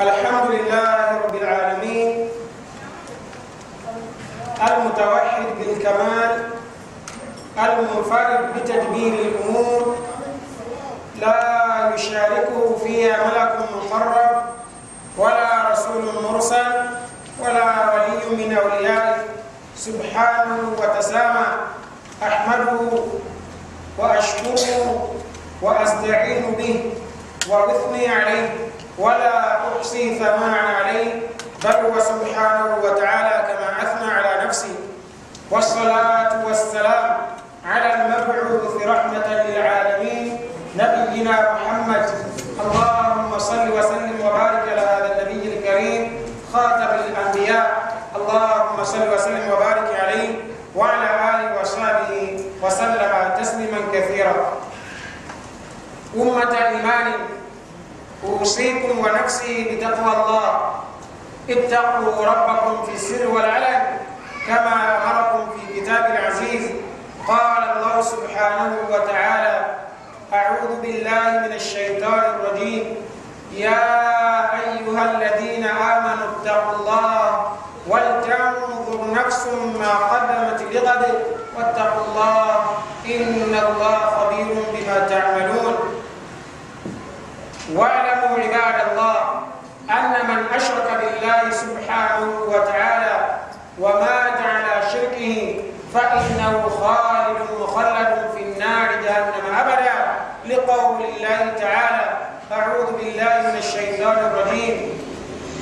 الحمد لله رب العالمين المتوحد بالكمال المنفرد بتدبير الأمور لا يشاركه فيها ملك مقرب ولا رسول مرسل ولا ولي من أوليائه سبحانه وتسامى أحمده وأشكره وأستعين به وأثني عليه ولا أحصي ثناء عليه بل هو سبحانه وتعالى كما أثنى على نفسه والصلاة والسلام على المبعوث رحمة للعالمين نبينا محمد اللهم صل وسلم وبارك على هذا النبي الكريم خاتم الأنبياء اللهم صل وسلم وبارك عليه وعلى آله وصحبه وسلم تسليما كثيرا أمة إيمان أوصيكم ونفسي بتقوى الله اتقوا ربكم في السر والعلن كما أمركم في كتاب العزيز قال الله سبحانه وتعالى أعوذ بالله من الشيطان الرجيم يا أيها الذين آمنوا اتقوا الله ولتنظر نفس ما قدمت لغد واتقوا الله إن الله خبير بما تعملون واعلموا عباد الله أن من أشرك بالله سبحانه وتعالى ومات على شركه فإنه خالد مخلد في النار جهنم أبدا لقول الله تعالى أعوذ بالله من الشيطان الرجيم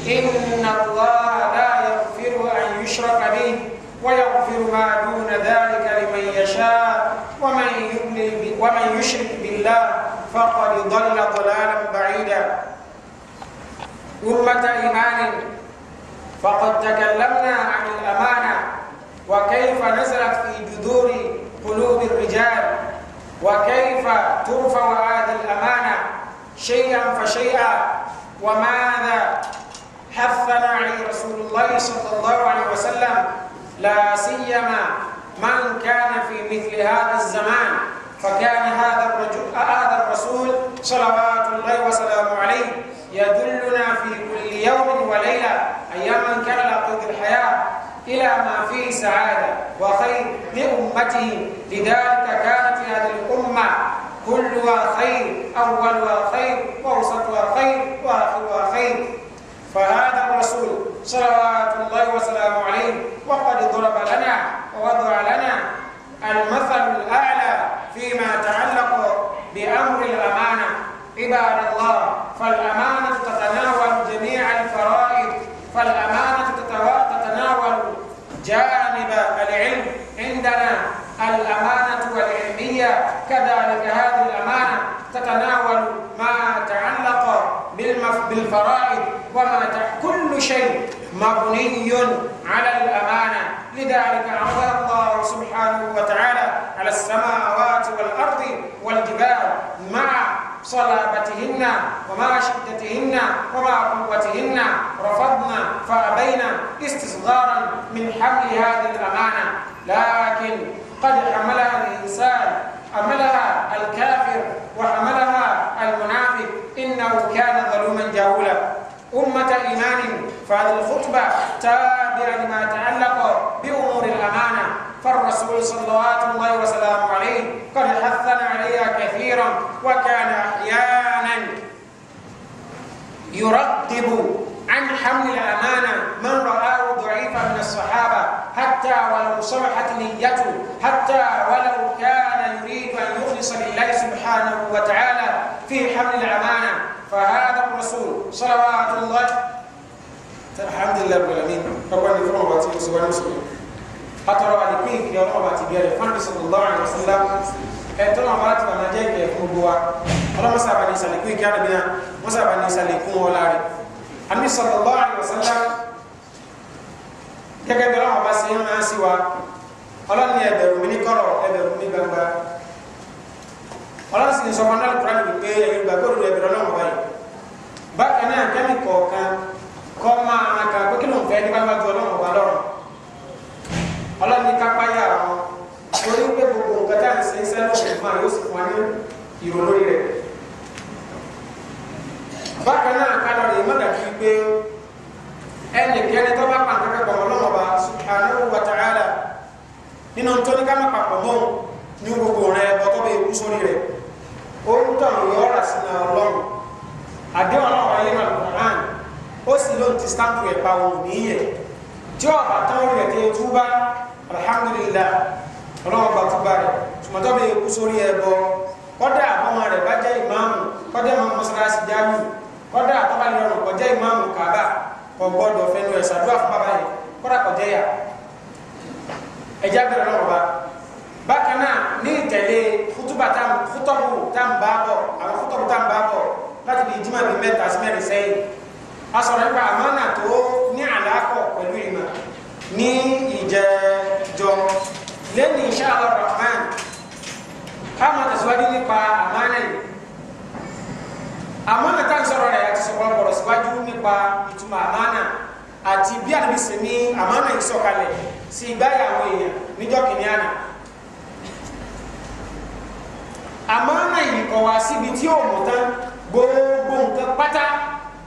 إن الله لا يغفر أن يشرك به ويغفر ما دون ذلك لمن يشاء ومن, ومن يشرك بالله فقد ضل ضلالا بعيدا أمة إيمان فقد تكلمنا عن الأمانة وكيف نزلت في جذور قلوب الرجال وكيف ترفع هذه الأمانة شيئا فشيئا وماذا حثنا عليه رسول الله صلى الله عليه وسلم لا سيما من كان في مثل هذا الزمان فكان هذا الرجل هذا الرسول صلوات الله وسلامه عليه يدلنا في كل يوم وليله اياما كان قيد الحياه الى ما فيه سعاده وخير لامته لذلك كانت هذه الامه كلها خير اولها خير واوسطها خير واخرها خير فهذا الرسول صلوات الله وسلامه عليه وقد ضرب لنا ووضع لنا المثل الأعلى فيما يتعلق بأمر الأمانة عباد الله فالأمانة تتناول جميع الفرائض فالأمانة تتناول جانب العلم عندنا الأمانة والعلمية كذلك هذه الأمانة تتناول ما يتعلق بالفرائض وما كل شيء مبني على الأمانة لذلك أمر الله سبحانه وتعالى على السماوات والأرض والجبال مع صلابتهن وما شدتهن وما قوتهن رفضنا فأبينا استصغارا من حمل هذه الأمانة لكن قد حملها الإنسان حملها الكافر وحملها المنافق إنه كان ظلوما جاولا أمة إيمان فهذه الخطبة تابعة لما يتعلق بأمور الأمانة فالرسول صلوات الله وسلم عليه قد حثنا عليها كثيرا وكان أحيانا يرتب عن حمل الأمانة من رآه ضعيفا من الصحابة حتى ولو صلحت نيته حتى ولو كان يريد أن يخلص لله سبحانه وتعالى في حمل الأمانة فهذا الرسول صلوات الله الحمد لله رب العالمين ربنا يفرح واتي وسبحان مسلم أترى أن يكون يا رب أتبيع النبي صلى الله عليه وسلم أترى مرات ما نجيك يا كمبوا الله مسا بني سالكون كان بنا مسا بني سالكون ولا النبي صلى الله عليه وسلم gẹ́gẹ́ bí Ọlọ́run ọba ṣe ń rán مني wa Ọlọ́run ni ẹbẹ̀rù ọlọ́run sì ní sọ fún anáàlú kúránì wípé ẹ̀yin gbàgbọ́ òdodo ẹ̀bẹ̀rẹ̀ ọlọ́run ọba yìí bákan náà kẹ́mi kọ̀ọ̀kan kọ́ máa ka pé kí ló ń fẹ́ ní bábá ju ọlọ́run ọba lọ́rùn ọlọ́run ní kápá yà wọn torí pé gbogbo nǹkan tá à ń ṣe iṣẹ́ lọ́sùn fún àyè ó sì fún wa ní ìrò lórí rẹ̀ bákan náà ká lọ rè mọ́dàbí pé ẹnìkẹ́ni tó bá pàǹkà ní gbogbo rẹ bọ́tọ́ bẹ ikú sórí rẹ ó ń tàn yọ ọ́rà sí ní ọlọ́run àdéhùn náà wáyé náà kùnán ó sì ló ń ti stamp rẹ̀ pa òun níyẹn tí ó àtàn rẹ̀ tẹ túbá alhamdulillah ọlọ́run bá túbá rẹ̀ tùmọ̀tọ́ bẹ ikú sórí ẹ bọ́ kọ́dà àbọ̀wọ̀n rẹ̀ bá jẹ́ ìmáàmù kọ́dà ìmáàmù mọ́sálásí jáwé kọ́dà àtọ́bálẹ̀ ọ̀rùn kọjá ìmáàmù kàbà kọ́ gbọ́dọ̀ fẹ́nu ẹ̀ sàdúrà fún bàbá yẹn bákan náà ní ìtẹ̀lé kútúbà tá kútọ́bù tá ń bá bọ̀ àwọn kútọ́bù tá ń bá bọ̀ láti bí ìjímọ̀ bíi mẹ́ta sí mẹ́rin sẹ́yìn a sọ̀rọ̀ nípa àmánà tó ní àlàkọ̀ pẹ̀lú ìmọ̀ ní ìjẹjọ lẹ́nu insha Allah rahman a máa tẹ̀síwájú nípa àmánà yìí àmánà tá ń sọ̀rọ̀ rẹ̀ àti sọ̀rọ̀ bọ̀rọ̀ síwájú nípa ìtumọ̀ àmánà àti bí àdébísẹ̀ ní àmánà yìí àmọ́ràn yìí kọ̀ wá síbi tí ò mọ̀ tán gbogbo nǹkan pátá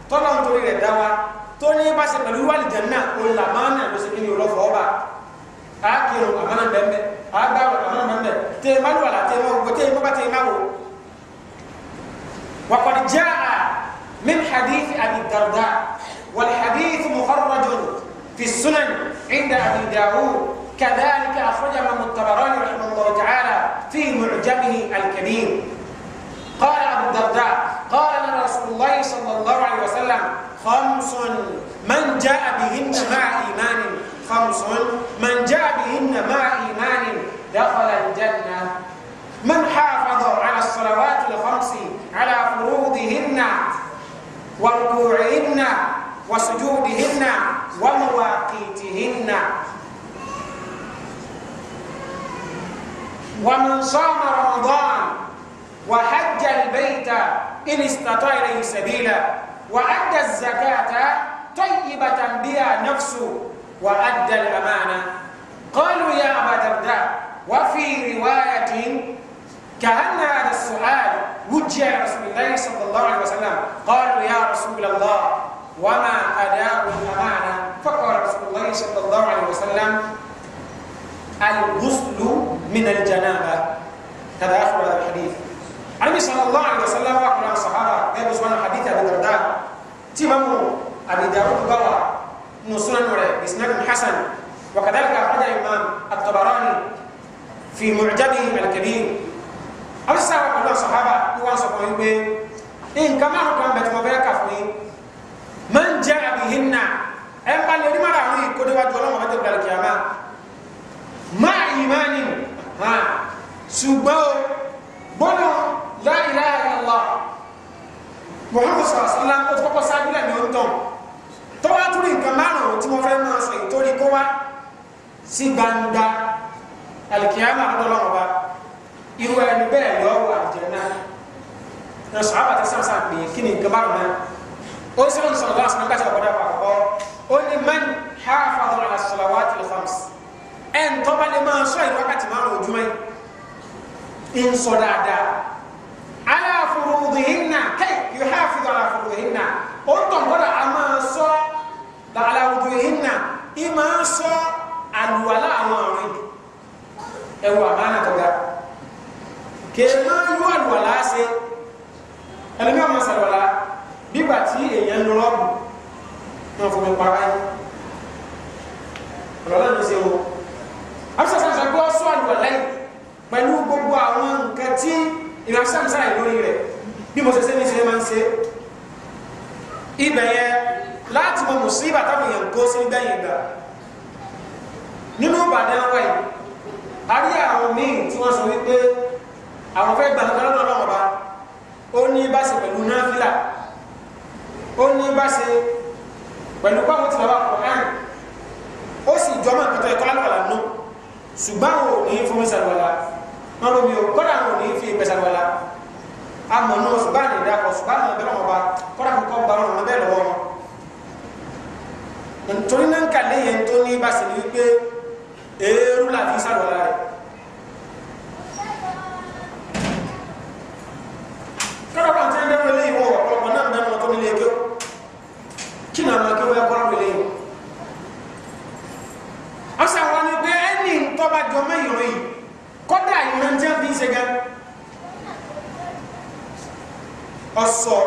tọ́lọ́ nítorí rẹ̀ dá wa tó ní bá ṣe pẹ̀lú wà lìjẹ̀ náà òun là máa nà ló ṣe kí ni olófò ọba àákìrò àmọ́nà bẹ́ẹ̀ àgbàwò àmọ́nà bẹ́ẹ̀ tẹ ẹ má lù àlà tẹ ẹ má wò tẹ ẹ má bá tẹ ẹ má wò. وقد جاء من حديث أبي الدرداء والحديث مخرج في السنن عند أبي داود كذلك أخرج الإمام الطبراني رحمه الله تعالى في معجمه الكبير قال أبو الدرداء قال لنا رسول الله صلى الله عليه وسلم خمس من جاء بهن مع إيمان خمس من جاء بهن مع إيمان دخل الجنة من حافظ على الصلوات الخمس على فروضهن وركوعهن وسجودهن ومواقيتهن ومن صام رمضان وحج البيت إن استطاع إليه سبيلا وأدى الزكاة طيبة بها نفسه وأدى الأمانة قالوا يا أبا درداء وفي رواية كأن هذا السؤال وجه رسول الله صلى الله عليه وسلم قالوا يا رسول الله وما أداء الأمانة فقال رسول الله صلى الله عليه وسلم الغصن من الجنابة هذا آخر هذا الحديث عن صلى الله عليه وسلم وقال الصحابة قالوا سبحانه حديث أبي الدرداء تمام أبي داود قال نصنا نوري بإسناد حسن وكذلك أخرج الإمام الطبراني في معجمه الكبير أبي الصحابة قالوا الصحابة يوان صحابة إن كما هو كان بيت من جاء بهن أم قال لي ما رأيه كدوا جلوم وجب القيامة ما إيمانه ṣùgbọ́n o gbọ́nà la ilaha illallah Muhammad sàlá ó ti kọ́kọ́ sáájú lẹ́nu ó ń tàn tọ́wá tó rí nǹkan márùn-ún tí wọ́n fẹ́ máa sọ ìtorí kó wá sí gbangba alikiyama ọlọ́ọ̀ba irú ẹni bẹ́ẹ̀ lọ́wọ́ àjẹ́nà na sọ́ọ́bà tẹ sàn sàn pé kí ni nǹkan márùn-ún ó sì ń sọ̀rọ̀ lọ́wọ́ sọ̀rọ̀ nígbà ọ̀pọ̀dà pàkọ́ ó ní man hafa ọ̀rọ̀ àṣọ̀lọ́wọ́ àti ìfọ̀mùsì ẹ̀ ń tọ́ba lè máa sọ ìwákàtí márùn ojúmọ́ yìí ń sọ dáadáa aláfuruduhinna kẹ́ yóò há fi dọ̀ aláfuruduhinna ó ń tọ̀ gbọ́dọ̀ a máa sọ aláfuruduhinna ì máa sọ àlùwàlá àwọn ọ̀rìn ẹ̀wọ̀ àmàlà tọ́ga kèé máa yọ àlùwàlá ṣe ẹlẹ́mìí ọmọ sàlùwàlá bígbà tí èèyàn ń lọ rọ́ọ̀bù wọn fún mi para yìí ọ̀lọ́lá mi ṣe wọ́n asọsọsọ gbọ́ sọ àlùwàlá yìí pẹ̀lú gbogbo àwọn nǹkan tí ìránṣẹ́mísà yìí lórí rẹ̀ bí mo ṣe ṣe ní ṣe máa ń ṣe ibẹ̀ yẹn láti mọ mùsíbà táwọn èèyàn kó sí gbẹ̀yìn gbà nínú Ìbàdàn wa yìí a rí àwọn míì tí wọ́n sọ wípé àwọn fẹ́ gbà kankan lọ́dọ̀ ọlọ́wọ́ bá ó ní bá ṣe pẹ̀lú náfìlà ó ní bá ṣe pẹ̀lú pàmò tìlọ́wọ́ àkọ́kọ́ ó sì jọmọ́ ìpìtọ́ ìkọ́lá lọ́la náà ṣùgbọ́n àwọn ò ní fún sàlùwàlà wọn lómi o kọ́dà àwọn ò ní fi ìpè sàlùwàlà àmọ́ náà ṣùgbọ́n àná ìdákọ̀ ṣùgbọ́n àwọn ọ̀bẹ̀rẹ̀ wọn bá kọ́dà kọ́kọ́ bá wọn bẹ́ẹ̀ lọ́wọ́ wọn nítorí náà ń kà léyìn tó ní bá sì ní wípé eérú là fi sàlùwàlà rẹ̀ kọ́dà kan ti ń dẹ́ bá jọ mọ́ ìròyìn kọ́dà ìran tí wọ́n fi ń ṣe gan ọ̀sọ̀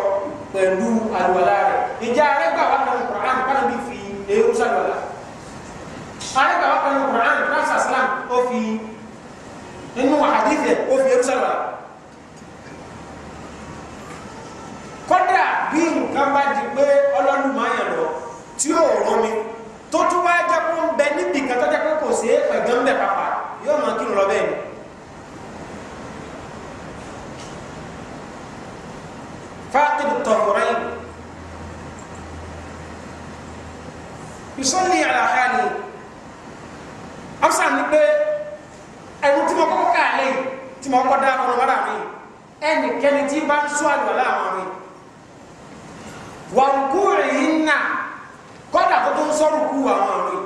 pẹ̀lú àlùwàlá rẹ̀ ìjà arẹ́gbà wà kan Qur'an bára bí fi ewu sàlùwàlá arẹ́gbà wà kan Qur'an rasa islam ó fi nínú hadith rẹ̀ ó fi ewu sàlùwàlá kọ́dà bí nǹkan bá di pé ọlọ́dún máa lọ tí ó rọ́ mi tó tún wá jẹ́ kó ń bẹ níbi kan tó jẹ́ kó kò sí pẹ̀gán bẹ̀ pàpà yóò máa kírun lọ bẹ́ẹ̀ ni. فاقد الطهرين يصلي على حاله أمسى نبي ẹnu tí mo kọ́kọ́ kà lẹ́yìn tí mo kọ́ dá ọ̀nà wàrà mi ẹnikẹ́ni tí bá ń sọ àlùbọ̀lá àwọn mi wà ń kúrè yín kọ́dà kó tó ń sọ́rù kú àwọn àmì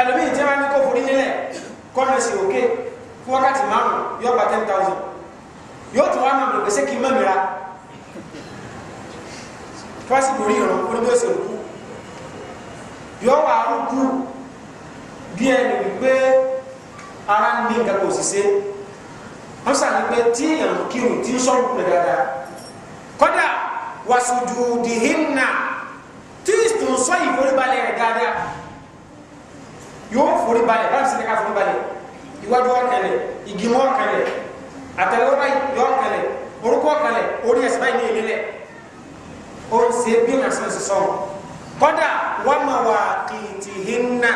ẹlòmíì tí wọ́n ní kó forí nílẹ̀ kọ́nà sí òkè fún wákàtí márùn yóò gba ten thousand yóò tún wá máa lò pèsè kí n mọ̀mìíra fọ́sì borí ìrọ̀rùn kó ní bí ó ṣe kú yóò wà á kú bí ẹni wípé ara ń ní nǹkan kò sì ṣe wọ́n sàlẹ̀ pé tí èèyàn kírun tí ń sọ̀rọ̀ kúrẹ̀ dáadáa kọ́dà wàsùdùdìhìn náà sọ ìforíbalẹ̀ rẹ̀ dáadáa yóò foríbalẹ̀ báwo sì ní ká foríbalẹ̀ iwájú ọ̀kẹlẹ̀ ìgbìmọ̀ ọ̀kẹlẹ̀ àtẹlẹwọ́n yọ ọ̀kẹlẹ̀ orúkọ ọ̀kẹlẹ̀ orí ẹ̀sìn báyìí ní ìlélẹ̀ ó ń ṣe bí wọn àṣẹ sọ kọ́dà wọ́n mọ̀ wá kìtìhínà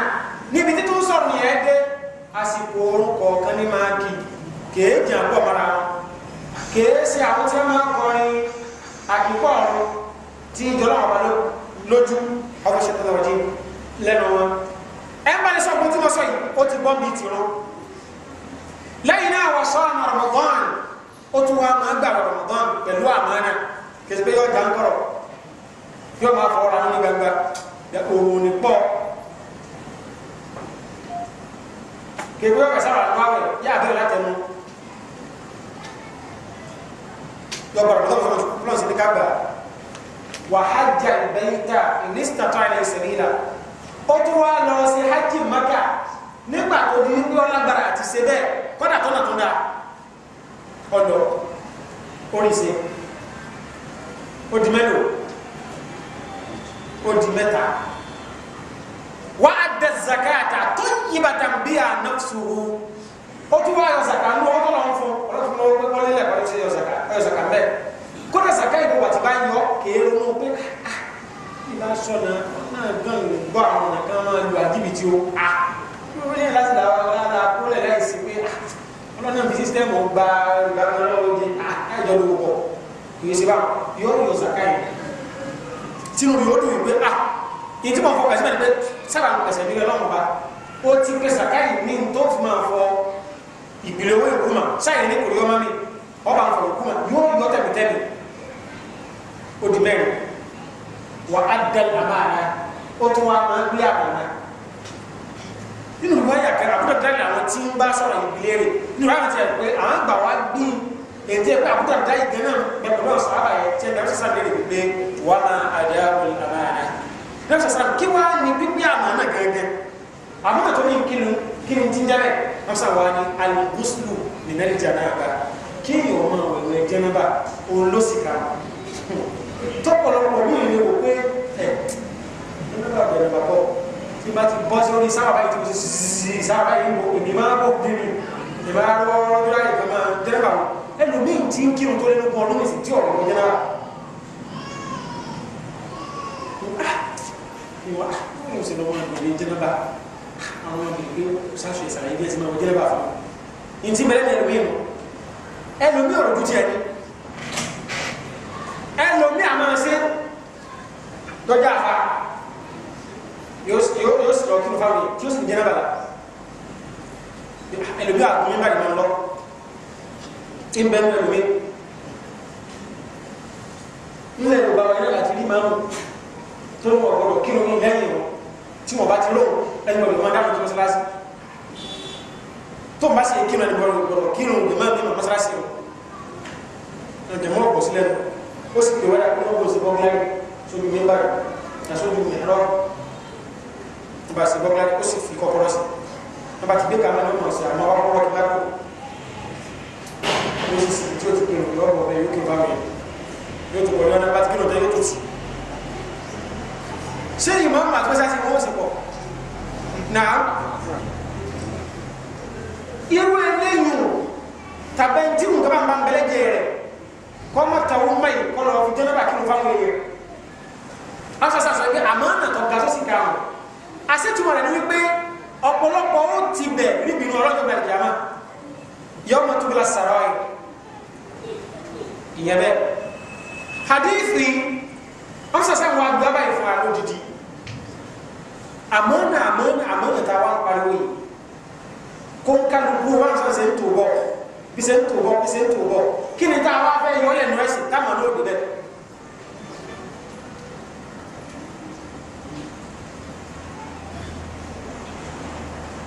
níbi títún sọ̀rọ̀ yẹn dé àsìkò orúkọ ọ̀kan ní máa kì kèé jẹ́ àpọ̀ mọ́ra wọn kèé ṣe àwọn tí wọ́n máa kọrin àkíkọ́ ọ̀run tí ìjọba àwọn lójú ọmọ ṣètò lọ́wọ́ jí lẹ́nu wọn ẹ bá ní sọ pé tí wọ́n sọ yìí ó ti bọ́ mi ti rán lẹ́yìn náà wọ́n sọ àmọ́ Ramadan ó tún wá máa gbà Ramadan pẹ̀lú àmánà kìsì pé yọ jà ń kọ̀rọ̀ yọ máa fọ ọ̀rọ̀ àwọn gbangba òun ní pọ̀ kébí ọ̀rọ̀ sábà lọ́wọ́ yà á bẹ̀rẹ̀ látẹnu yọ gbàrọ̀ lọ́wọ́ fún ọ̀sán وحج البيت إن استطاع إليه سبيلا ó tún wá lọ sí hajj maka nígbà tó di wípé ọlágbára àti ṣe bẹ́ẹ̀ kọ́dà tọ́nà tó dáa ọ̀dọ̀ oríṣi ó di mélòó ó di mẹ́ta wà á dẹ zakata tó yí bàtà bí a náà sòwò ó tún wá yọ zaka ní ọkọ̀ lọ́wọ́ fún ọlọ́fun lọ́wọ́ pé wọ́n lé lẹ́kọ̀ọ́ ló ṣe yọ zaka bẹ́ẹ̀ kódà sàkà ìlú wà tí bá yọ kéèrò ah, náà pé ìlà sọ̀nà náà gan ló ń gbọ́ àwọn nǹkan máa lu àdìbìtì o a ah, yóò ní láti là wà lára kólẹ̀ láìsí pé ah, ọlọ́nà bí sísítẹ́ẹ̀mù gba ìgbàgbọ́ lọ́wọ́ di àjọ lówó pọ̀ kì í ṣe bá yọ yọ sàkà yìí sínú yóò dùn wípé a ìdí mọ̀ fọ́ kàṣí mẹ́rin pé sábà ń pèsè ìdílé ọlọ́run ba ó ti pè sàkà yìí ní tó fi máa fọ ìpìlẹ̀ owó ìkúmà sáyẹn ní kòríọ́mọ́mì ọba àfọ̀rọ̀kúmà yóò yọ tẹ̀mítẹ́mì O wa adal ó di mẹ́rin wà á dẹ́ àmàna ó tún wá máa ń gbé àmàna nínú ìwé ayé àkẹrẹ àbúrò dáìlì àwọn tí ń bá sọ̀rọ̀ ìbílẹ̀ rẹ̀ nínú àwọn ti rẹ̀ pé àwọn gbà wá gbìn ètò ẹ̀pẹ́ àbúrò dáìlì gan náà mẹ́kọ̀ọ́ náà sọ̀rọ̀ àbáyẹ tí ẹ̀ lọ́sọ̀sọ̀ lè rí pé wà á àdé àwọn àmàna lọ́sọ̀sọ̀ kí wá ní gbígbé àmàna gẹ́gẹ́ àmàna tó ní kínu kínu ti ń jẹ́ bẹ́ẹ̀ lọ́sọ̀ wá ní alùpùsùlù nìmẹ́lì jẹ́ náà bá kí tọ́pọ̀lọpọ̀ mi ìlú wò pé ẹ̀ nínú bá bẹ̀rẹ̀ bàbọ̀ tí bá ti bọ́ sórí sáwà báyìí tí mo ti sì sáwà báyìí mo èmi máa bọ̀ bíbí èmi máa rọ́ ọdún láyé kan máa dẹ́rẹ́ bàbọ̀ ẹlòmíì tí ń kírun tó lé lógún ọdún èsì tí ọ̀rọ̀ ló yẹra ìwà ní oṣù lọ́wọ́ ìgbèlè jẹ́nàbà àwọn ìgbèlè sáṣọ ìsàlẹ̀ ilé ẹ̀sìn máa wọ jẹ́nàbà fún un ìtì mẹ́lẹ́ ẹlòmíì ẹlòmíì ọ̀rọ̀ dúdú ẹni ẹlòmíì àmọ́ ṣe dọ́jà àfa yóò sọ̀rọ̀ kí ló fáwọn yìí tí ó sì ń jẹ́nà bàlá ẹlòmíì àkùnrin bá ìmọ̀ lọ ń bẹ́ẹ̀ mú ẹlòmíì nílẹ̀ yorùbá wa yẹn àti rí máa mú tó ń wọ̀ gbọ́dọ̀ kí ló mú lẹ́yìn wọn tí wọn bá ti lóhùn ẹni wọn lè máa dáhùn tó mọ́sálásí tó ń bá sì kí ló ẹni gbọ́dọ̀ kí ló lè máa bí mọ́sálásí wọn ẹ̀jẹ̀ mọ́ ọ̀pọ̀ sílẹ̀ nù koski wala kuno ko sibok lagi suju mimbar na suju mihrab ba sibok lagi kosi fi ko koros to ba tibe kama no mosi ama wa ko ba ko ko si ti ti ko yo mo be yuki ba mi yo to ko na ba ti no de yo to si se imam ma ko sa si mo si ko na irú eléyìí tàbí tí nǹkan bá ń bá jẹ́ rẹ̀ kɔma ta wo ma yi kɔlɔ wo jɛnɛ ba kiri fan yɛ asa sasa yi a ma na tɔ gaso si ka hàn a se tuma la ni pe ọ̀pọ̀lọpọ̀ o ti bɛ ni bi ni ọlọ́jọ́ bɛ jama yɔn ma tugula sara yi yɛbɛ hadithi wọn sasa wọn agbaba yi fún alo didi amana amana amana ta wọn pariwo yi kó n kanu kú wọn sase tó bɔ. bise n tubɔ bise n tubɔ kini ta wa fɛ yi o le nɔɛsi ta ma n'o do dɛ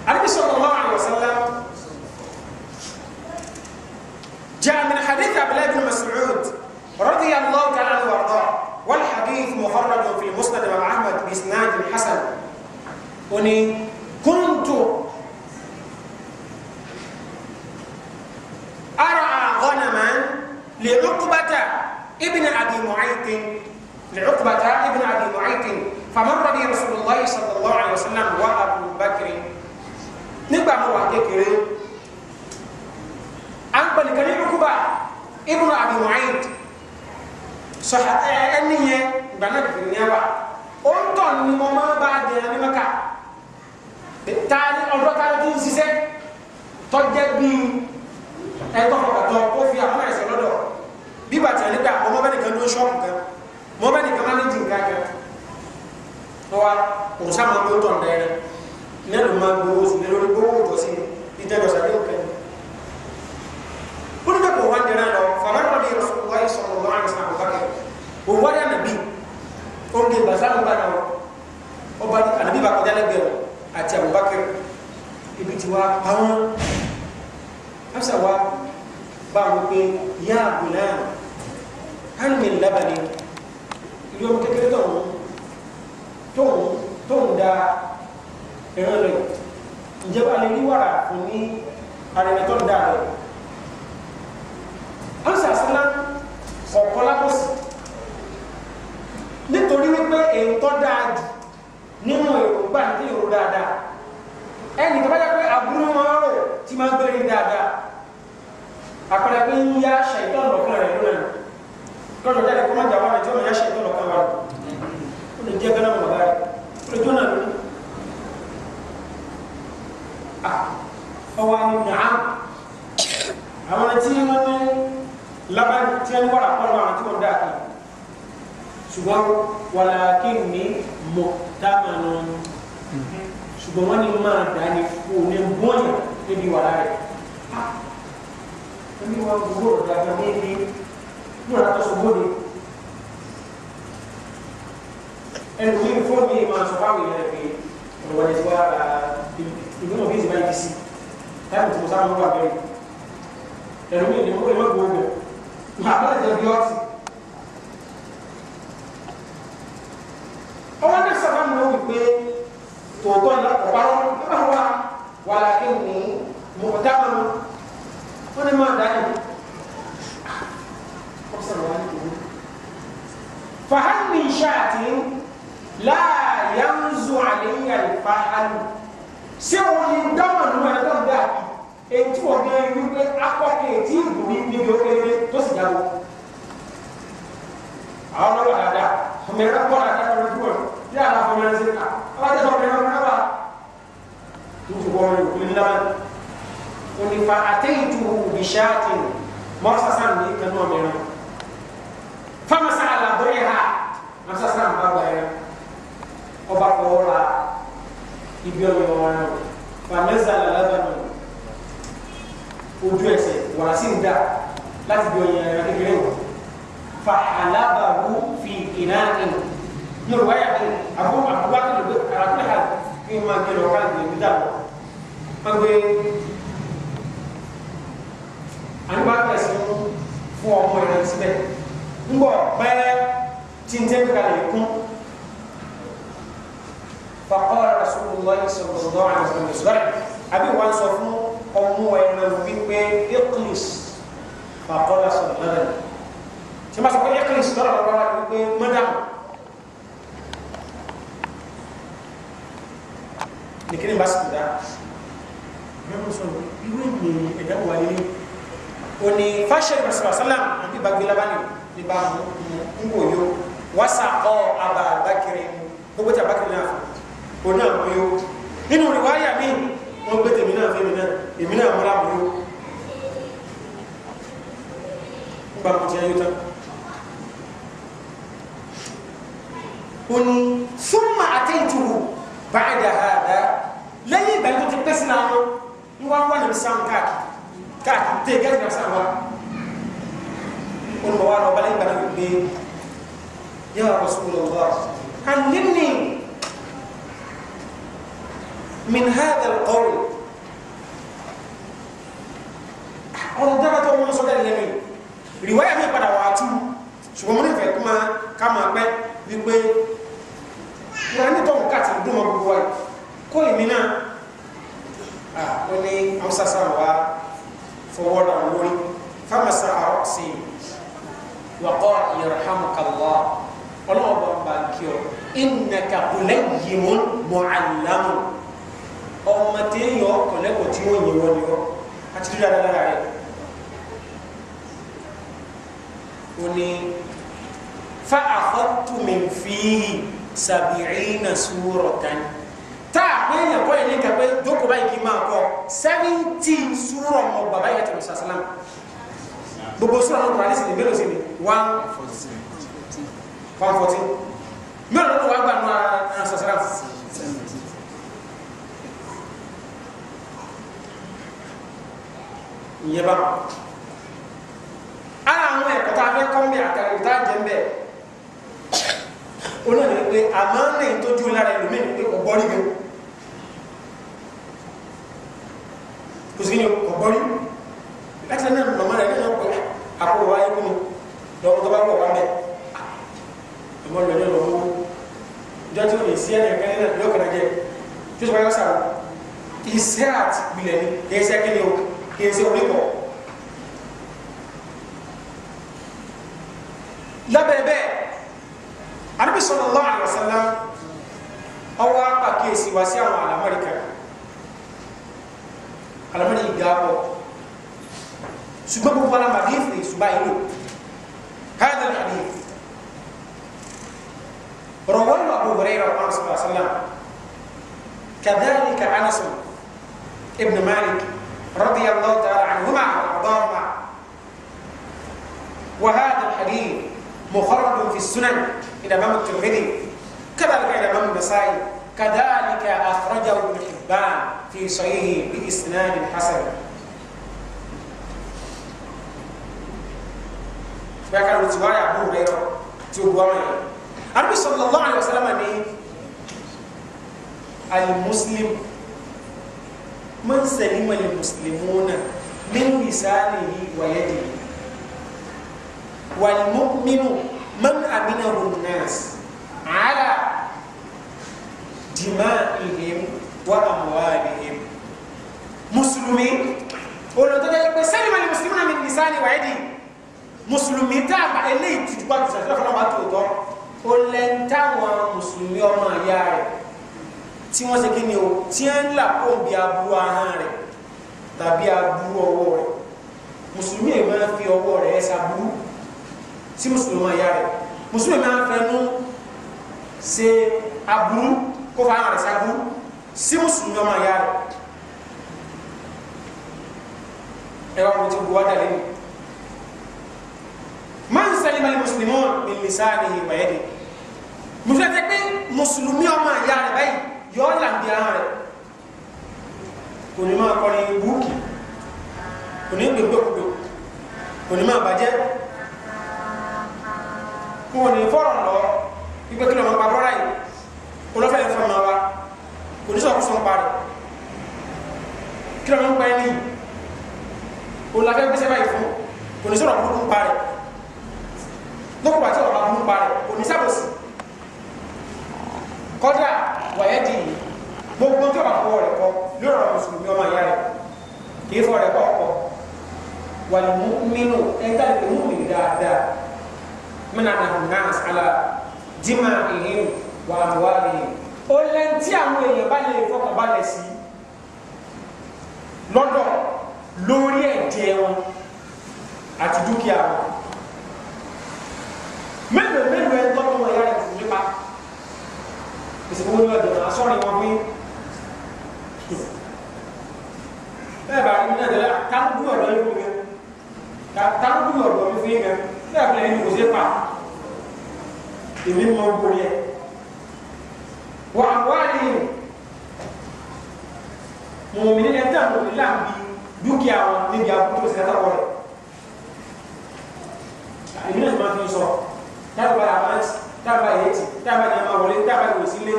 alebi sallallahu alaihi wasallam جاء من حديث عبد الله بن مسعود رضي الله تعالى عنه وارضاه والحديث مخرج في المسند مع احمد باسناد حسن وني لعقبة ابن أبي معيط لعقبة ابن أبي معيط فمر بي رسول الله صلى الله عليه وسلم وأبو بكر نبقى مروح كيكري أنبا لكني عقبة ابن أبي معيط صح أني بنات في النيابة أنتم مما بعد يعني مكة taani ọdọ taani ti ń ṣiṣẹ́ tọjẹ bíi ẹtọ kọkọtọ kó nígbà tí a nígbà ọmọ bẹ́ẹ̀ nìkan ló ṣọ́ọ̀bù kan mọ bẹ́ẹ̀ nìkan máa ń jìn ká kan tó wa òun sáà máa ń gbé ó tọ̀ ń dẹ́rẹ́ ní ẹ̀rọ máa gbowó sùn lórí gbowó tọ̀ sí ìtẹ́jọ́sà ní òkè ni. yalfahalu ṣé òun yìí dámọ̀ nínú ẹ̀ náà dà bí ètí ọ̀gá ẹ̀ wípé akọ́kẹ́ ètí ìbùnmi níbi ó kéré tó sì dáwọ́ àwọn ọmọ wà dáadáa ọmọ ẹ̀rọ kọ́ ọ̀dà kan lójú wọn bí àwọn afọmọlẹ́ ṣe ká ọlọ́dẹ sọ ọmọ ẹ̀rọ náà wà tó ti wọ́n rẹ̀ òkú nílá onífa àtẹ́yìntì òbí ṣáàtì mọ́sásán ní kanú ọmọ ẹ̀rọ fámasá àlàbọ̀yẹ̀ ha mọ́sásán bá gbà ẹ̀rọ ọba kọ́ ọ ibi ọ̀rọ̀ ìwọ̀n náà fàmẹ́sà làlábàánu ojú ẹsẹ̀ wàá sì ń dà láti bí ọyàn ẹ̀rọ kékeré wọn fa alábàáwú fi ìná ìn yorùbá yà pé àbúrò àbúrò àkàlù pé àràkùnrin hà kí n máa gbé lọ ká lè ní dàgbọ́ wọn gbé fún ọmọ ìrántí bẹ́ẹ̀ ń bọ̀ bẹ́ẹ̀ tí ń tẹ́ bí kalẹ̀ kún. فقال رسول الله صلى الله عليه وسلم أبي وان صفو قوموا وينبين إقلس فقال صلى الله عليه وسلم كما سأقول إقلس ترى الله مدام لكن بس كده yọrọ sọ̀rọ̀ irú ènìyàn ẹ̀dá wà lé o ní fáṣẹ ìrọsọlọsọlá àbí bagilabani ní bá mú ń wòye wàsà ọ àbá bákiri gbogbo tí a bákiri náà fún un òun náà mú yó nínú rìwáyà mi wọ́n gbé tèmi náà fẹ́mi náà èmi náà múra mú yó gba àti ayé tán. ó ní súnmọ́ àtẹ̀jùwò báyìí dáadáa lẹ́yìn ìgbà tó ti pẹ́ sí náà ń wá wà lórí sáwọn káàkiri káàkiri tẹ̀ gẹ́gẹ́ náà sáwọn wa. ó ní bàbá àlọ́ balẹ̀ ìgbà náà gbé yàrá rọ̀ sùkúlù ọ̀gá. àníní من هذا القول سبب ولا ما بيفني له هذا الحديث رواه أبو هريرة رواه صلى الله عليه وسلم كذلك أنس ابن مالك رضي الله تعالى عنهما وأرضاهما وهذا الحديث مخرج في السنن إلى مم الترمذي كذلك إلى مم النسائي كذلك أخرجه ابن حبان في صحيحه بإسناد حسن bẹ́ẹ̀ ká ló ti wáyà àbúrò rẹ rọ tí o bu àwọn yẹn àdúgbò sallallahu alaihi wasallam ní alimuslim man salima almuslimuna min lisanihi wa yadihi walmu'minu man aminahu an-nas ala dima'ihim wa amwalihim mùsùlùmí olùtọ́jà pé salima almuslimuna min lisanihi wa yadihi mùsùlùmí tá a bá eléyìí ti dùgbà tó sàtúnṣe fún ọmọ àtòtọ́ ó lẹ́ ń táwọn mùsùlùmí ọmọ ìyá rẹ̀ tí wọ́n ṣe kí ni o tí ẹ ń là kó bí aburú ahọ́n rẹ̀ tàbí aburú ọwọ́ rẹ̀ mùsùlùmí ẹ̀ máa fi ọwọ́ rẹ̀ ẹ̀ ṣàbúrú sí mùsùlùmí ìyá rẹ̀ mùsùlùmí máa fẹnu ṣe aburú kó fa ahọ́n rẹ̀ ṣàbúrú sí mùsùlùmí ọmọ ìyá rẹ̀ ẹ wá mo ti bu wá dàlẹ́ nìyí man salima li muslimun min lisanihi wa yadihi musa tẹ pé mùsùlùmí ọmọ ìyá rẹ báyìí yọ ọ́ làǹdí ara rẹ kò ní máa kọrin búùkì kò ní gbẹgbẹgbẹ kò ní máa bàjẹ́ kò ní fọ̀rọ̀ lọ gbígbé kí ló máa pàbọ́ra yìí olófẹ́ yẹn fẹ́ máa wá kò lókùn pàtó ọba mú parẹ kò ní sábòsì kọjá wàyẹ dì í gbogbo tí ọba fọwọ́ rẹ̀ kọ lórí ọ̀rọ̀ mùsùlùmí ọmọ ìyá rẹ̀ kì í fọ rẹ̀ kọ́ ọ̀pọ̀ wà ní mímú ẹ̀ta lè mú mi dáadáa mẹ́nà àdùnnáàs àlà dìmà ìhìn wà àdùwà ìhìn ó lẹ́yìn tí àwọn èèyàn bá lè fọkànbalẹ̀ sí lọ́dọ̀ lórí ẹ̀jẹ̀ wọn àti dúkìá wọn mélòó mélòó ẹ tọ́jú wọn yára ìfún nípa ìsìnkú wọn lọ́dọ̀ náà sọ́ọ̀rì wọn fún yín bẹ́ẹ̀ bá rí náà tẹ́lẹ̀ táńkù ọ̀dọ́ yín fún yín táńkù ọ̀dọ́ yín fún yín gan bẹ́ẹ̀ fún yín kò sí pa èmi mọ gbó yẹ wà wá ní mọ̀mìnì ẹ̀ tàn lórí láàbí dúkìá wọn níbi àkókò sí ẹ̀ta wọlé èmi náà ti máa fi sọ̀rọ̀ táàbà avance táàbà yẹtì táàbà ní a máa wọlé táàbà ní òsínlé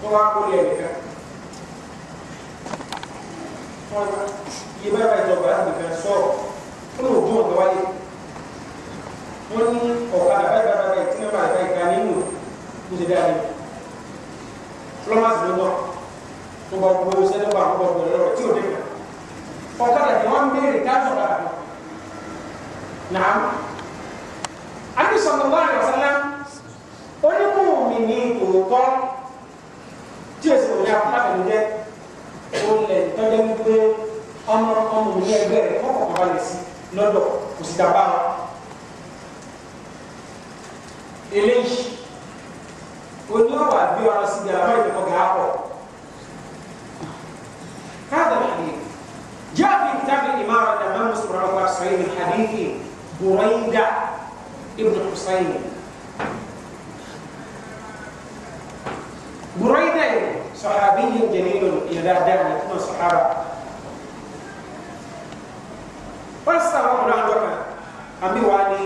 wọ́n wá kó lẹ̀ nìkan wọ́n yé bá bá ìjọba láti nìkan sọ̀rọ̀ ó lè gbọ́n ọ̀gá wáyé wọ́n ní ọ̀kadà báyìí báyìí báyìí tí wọ́n bá ìgbà ìgbà nínú ní ṣe dáa ní flọ́másì ló mọ̀ tó bá gbogbo ṣẹ́ tó bá gbogbo ọ̀rọ̀ tí ò dé kan ọ̀kadà tí wọ́n ń béèrè dáàbò dáàbò nàá. Ànábì sallallahu alaihi wasallam onímọ̀ọ́mì ní òótọ́ tí o sì wò ní akúnláfẹ̀míjẹ́ òun lẹ̀ tọ́jú ń gbé ọmọ ọmọ ní ẹgbẹ́ rẹ̀ kọ́kọ́ kọ́ balẹ̀ sí lọ́dọ̀ kò sì dábàá wọn. eléyìí oní ọ̀wà bí ọ̀rọ̀ sí ìjà lọ́wọ́ ìdìbò gàá pọ̀. هذا الحديث جاء في كتاب الإمارة الإمام مسلم رحمه الله صحيح من حديث بريدة ibn Husayn Burayda yìí sahabiyyun jalilun yẹn dáadáa ní kuma sahaba wọ́n sábà kúrò àwọn ọ̀kan àmì wà ní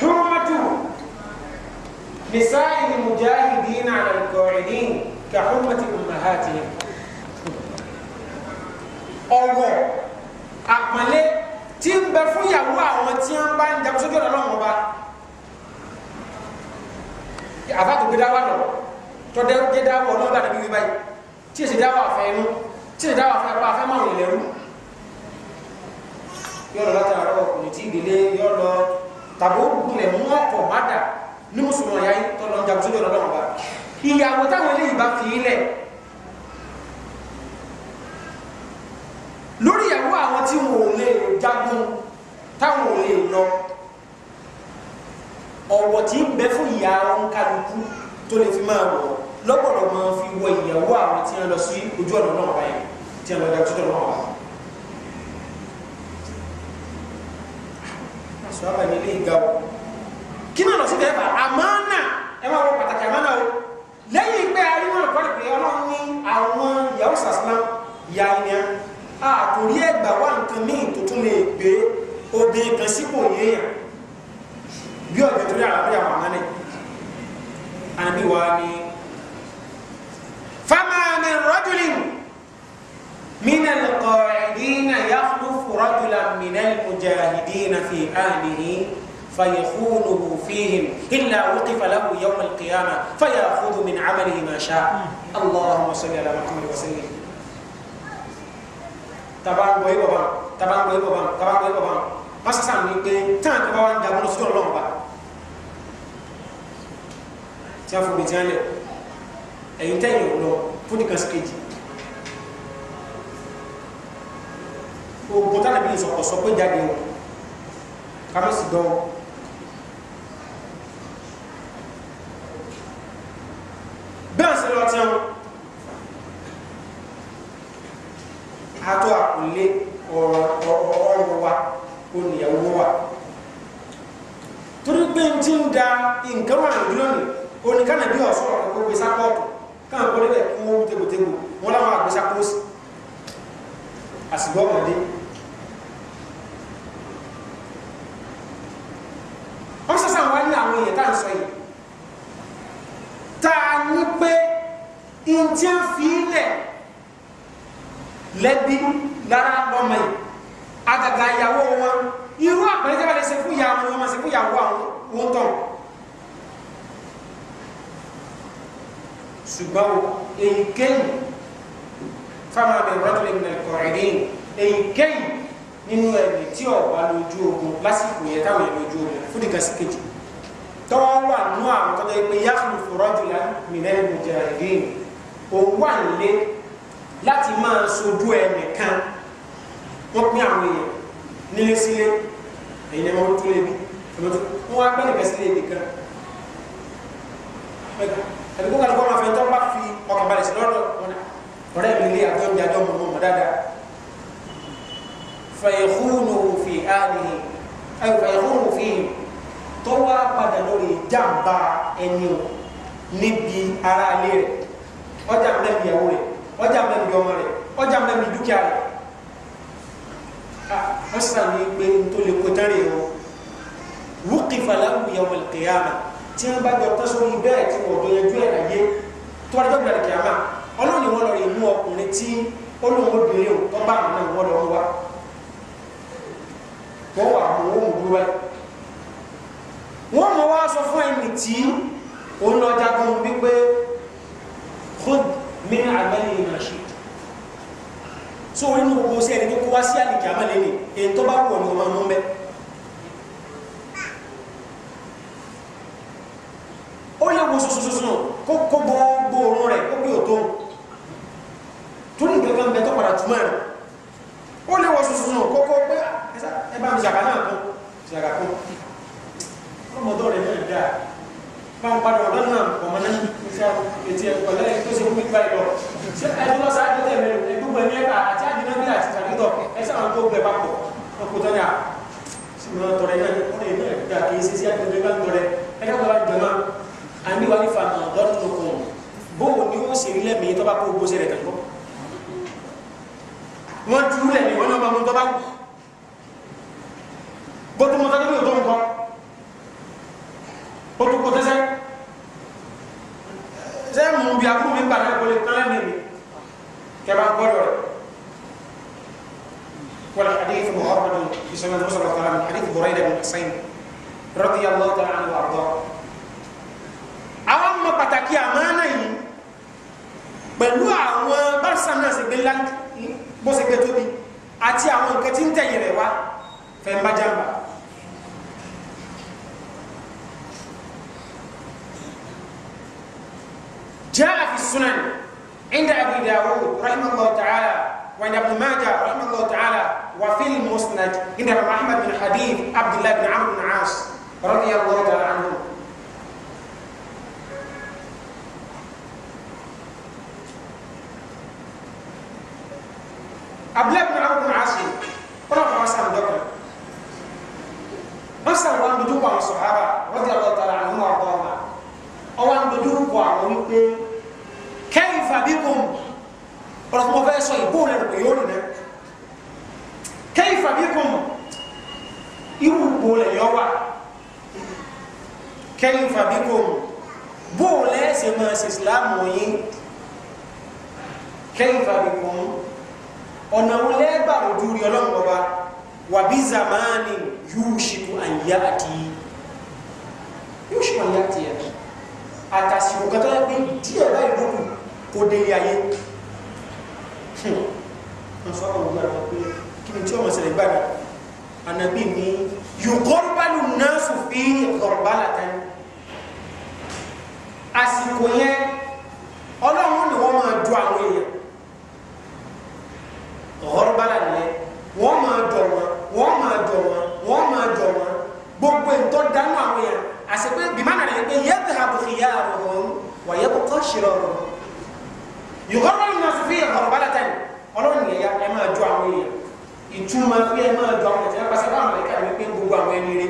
hurmatu nisaa'il mujahidin ala al ka hurmati ummahatihim ọwọ́ àpọ̀lẹ́ tí ń bẹ fún ìyàwó àwọn tí ń bá ń jagun sójú ọ̀nà náà wọn bá àfa tó gbé dáwà lọ tọ́dẹ́ gbé dáwà ọlọ́run láti gbígbé báyìí tí èsì dáwà fẹ́ inú tí èsì dáwà fẹ́ apá afẹ́ máa ń lẹ̀rú yọ lọ láti àárọ̀ kò ní tí ìdílé yọ lọ tàbí ó gúnlẹ̀ mú ọkọ̀ má dà ní mùsùlùmí ọ̀yá tọ́lọ́ ń jagun sójú ọ̀nà náà bá ìyàwó táwọn eléyìí bá fi í lẹ̀ lórí ìyàwó àwọn tí wọn ò lè jagun táwọn ò lè lọ ọ̀wọ̀ tí ń bẹ fún ìyá wọn kálukú tó lè fi máa wọ̀ lọ́gbọ̀dọ̀ máa fi wọ ìyàwó àwọn tí wọn lọ sí ojú ọ̀nà náà báyìí tí wọn lọ dájú tó náà wà. Ah, sọ abẹ́ni ilé ìga o kí náà lọ sí bẹ́ẹ̀ bá ẹ máa wọ pàtàkì àmánà o lẹ́yìn pé ariwo ẹ̀kọ́ pé ọlọ́run ní àwọn yahoo sàṣánà ìyá ènìyàn àtòrí ẹgbà wà nǹkan míì tó tún lè gbé obìnrin kan sípò yéèyàn bí ọ̀gbẹ́ torí àlàbí àwọn àmọ́ ni àbí wa ni fama min rajulin min alqa'idina yakhlufu rajulan min almujahidina fi ahlihi فيخونه فيهم إلا وقف له يوم القيامة فيأخذ من عمله ما شاء اللهم صل على محمد وسلم tabangbɔ yi bɔbɔn tabangbɔ yi bɔbɔn tabangbɔ yi bɔbɔn masasa mi pe tan kaba wa dabɔ sɔrɔ lɔn ba tí a fɔ bi tiɲɛ lɛ ɛyin tɛ yen o lɔ fo ni kasi keji o bota na bi sɔkɔ sɔkɔ jáde o kama si dɔn bɛn se lɔ tiɲɛ o. hato àkùnlé ọ̀rọ̀ wa ó nìyàwó wa torí pé n ti ń da nǹkan wà ní lónìí oníkànnà bí ọ̀sán ọ̀rọ̀ gbogbo ìsákọ̀ọ̀tù káà kọ́ níbẹ̀ kí wọ́n tegbòtegbò wọn làwọn àgbẹ̀sà kó sí àsìgbọ́ ọmọdé wọ́n sọ́sàn wá ní àwọn èèyàn tá à ń sọ yìí tá a ní pé fi ilẹ̀ lẹ́bí lára lọ́mọ yìí àgàgà ìyàwó wọn irú àpẹẹrẹ tí a bá lè ṣe fún ìyá wọn wọn ṣe fún ìyàwó àwọn wọn tán ṣùgbọ́n èyíkéyìí fáwọn àmì ìrọ́tò lè nà kọ̀ọ̀rẹ́dẹ́ èyíkéyìí nínú ẹ̀mí tí ọ̀wá lójú ogun lásìkò yẹn táwọn ẹ̀mí ojú ogun fún ìdíkàsí kejì tọ́wọ́ wà nú àwọn tọ́jọ́ pé yáfù fọ́rọ́jù lánàá mìíràn ìmọ̀jà ẹ̀dẹ́ òun wà nílé láti máa sojú ẹnìkan wọ́n pín àwọn èèyàn nílé sílé ẹ̀yin ni wọ́n tún lé bí wọ́n wá gbé nìkan sílé nìkan ẹ̀dùnkú kan kọ́ máa fẹ́ tó bá fi ọkàn balẹ̀ sí lọ́dọ̀ ọ̀rẹ́ mi lé àjọ ìjà àjọ mọ̀mọ́ mọ̀ dáadáa fẹ̀yẹ̀kúnnù fi àdìhì fẹ̀yẹ̀kúnnù fi tó wá padà lórí ìjàmbá ẹni o níbi ara ilé rẹ̀ ọjà mẹ́rin ìyàwó rẹ̀ o ọjà mẹ́rin bí ọmọ o ọjà mẹ́rin bí dúkìá rẹ̀ o sàn ní pé n tó lè kó tán rèé o wúkì fàlàwù yawm al-qiyamah tí wọ́n bá jọ tọ́sọ́rí bẹ́ẹ̀ tí wọ́n dọ̀yẹ ju ẹ̀ láyé tó wọ́n dọ̀gbà lè kíyàmà ọlọ́ọ̀ni wọn lọ rè mú ọkùnrin tí olóhùn obìnrin ò tọ́ bá àwọn náà wọ́n lọ wá wọ́n wà o ohun dúró ẹ̀ wọ́n mọ̀ wá sọ fún ẹni tí òun lọ́jà kan wípé min amali rashid so wọn ní gbogbo sí ẹni tó kó wá sí àlìkí amali ni èyí tó bá wù ọ ní ọmọ ọmọ bẹ. ó lè wo sosososo kó kó gbogbo òórùn rẹ kó bí òtó tó ní kankan bẹ tó padà túmọ̀ rẹ ó lè wo sososo kó kó pé ẹ bá mi ṣàkà náà kún ṣàkà kún ọmọdé rẹ náà dáa máa padà ọ̀dọ́ náà ọmọ náà ṣe ètí ẹ̀kọ́ lẹ́yìn tó ṣe fún gbígbà ìlọ ṣé ẹdúró sáájú tẹ̀lé ẹgbẹ́ ní ẹ̀ka àti àdínábílà àti tàbítọ̀ ẹ sáà tó gbẹ papọ̀ ọkọ̀ tọ́jà ṣùgbọ́n tọrẹ náà ní kúrò ìlú ẹ̀dá kì í ṣe sí àgbẹ̀dẹ bá ń tọrẹ ẹ̀ka tó bá ń jọmọ́ àníwá ní fa ọ̀dọ́nùkùn bóun ni ó ṣe rí lẹ́mìí tó bá kó gbó ṣẹlẹ̀ tẹ̀kọ́ wọ́n dúró lẹ́mìí wọ́n ní ọmọ ọmọ tó bá kú gbogbo mọ́tò ó tún kó tẹ́sẹ́ ṣé mú bí akú mi gbàdá kó lè tán kẹba ń gbọ́dọ̀ rẹ̀ wọ́n lè hadith muhammad bisalòm musalòm tààlà mi hadith bọ̀rẹ́ dẹ̀ mi sẹ́yìn radiyallahu ta'ala anhu àbọ̀. àwọn ọmọ pàtàkì àmánà yìí pẹ̀lú àwọn bárṣà náà ṣe gbé ńlá bó ṣe gbé tóbi àti àwọn nǹkan tí ń tẹ̀yìn wá fẹ́ ń جاء في السنن عند أبي داود رحمه الله تعالى وعند ابن ماجه رحمه الله تعالى وفي المسند عند إمام أحمد بن حديث عبد الله بن عمرو بن عاص رضي الله تعالى عنه عبد الله بن عمرو بن عاص رضي الله عنه مثلا وأن بدوك عن الصحابة رضي الله تعالى ọ̀rọ̀ tí mo fẹ́ sọ ìbò lẹ́nu pé yóò lùnà kayfa bikum irú ìbò lẹ̀ yọ wà kayfa bikum bó lẹ́sẹ̀ máa ṣe ìsìláàmù yín kayfa bikum ọ̀nà wo lẹ́gbà ojú rí ọlọ́run ọba wà bí zamani yushiku an ya'ti yushiku an ya'ti ẹ̀ àtàsìkò kan tó yẹ pé díẹ̀ báyìí lókun kò délé ayé ń fọ́nà gbogbo àwọn pé kí ni tí ọmọ ṣẹlẹ̀ gbà náà ànàbí mi yògọ́rùbálù náà fòfin ìgbọ̀rùbálà tán àsìkò yẹn ọlọ́run ni wọ́n máa du àwọn èèyàn ọ̀rọ̀bálà nìyẹn wọ́n máa dọ̀ wọn wọ́n máa dọ̀ wọn wọ́n máa dọ̀ wọn gbogbo ìtọ́ dánú àwọn èèyàn àsìkò bìmánà rẹ̀ pé yẹ́bù àbùkù yá àrùn wọ̀nyẹ́ kò kọ́ ọ̀rọ̀ yògọ́rùbálà ọlọ́run lè ya ẹ máa ju àwọn èèyàn ìtumọ̀ pé ẹ máa ju àwọn èèyàn pàṣẹ báwọn ẹ̀ka mi pé gbogbo àwọn ẹni rẹ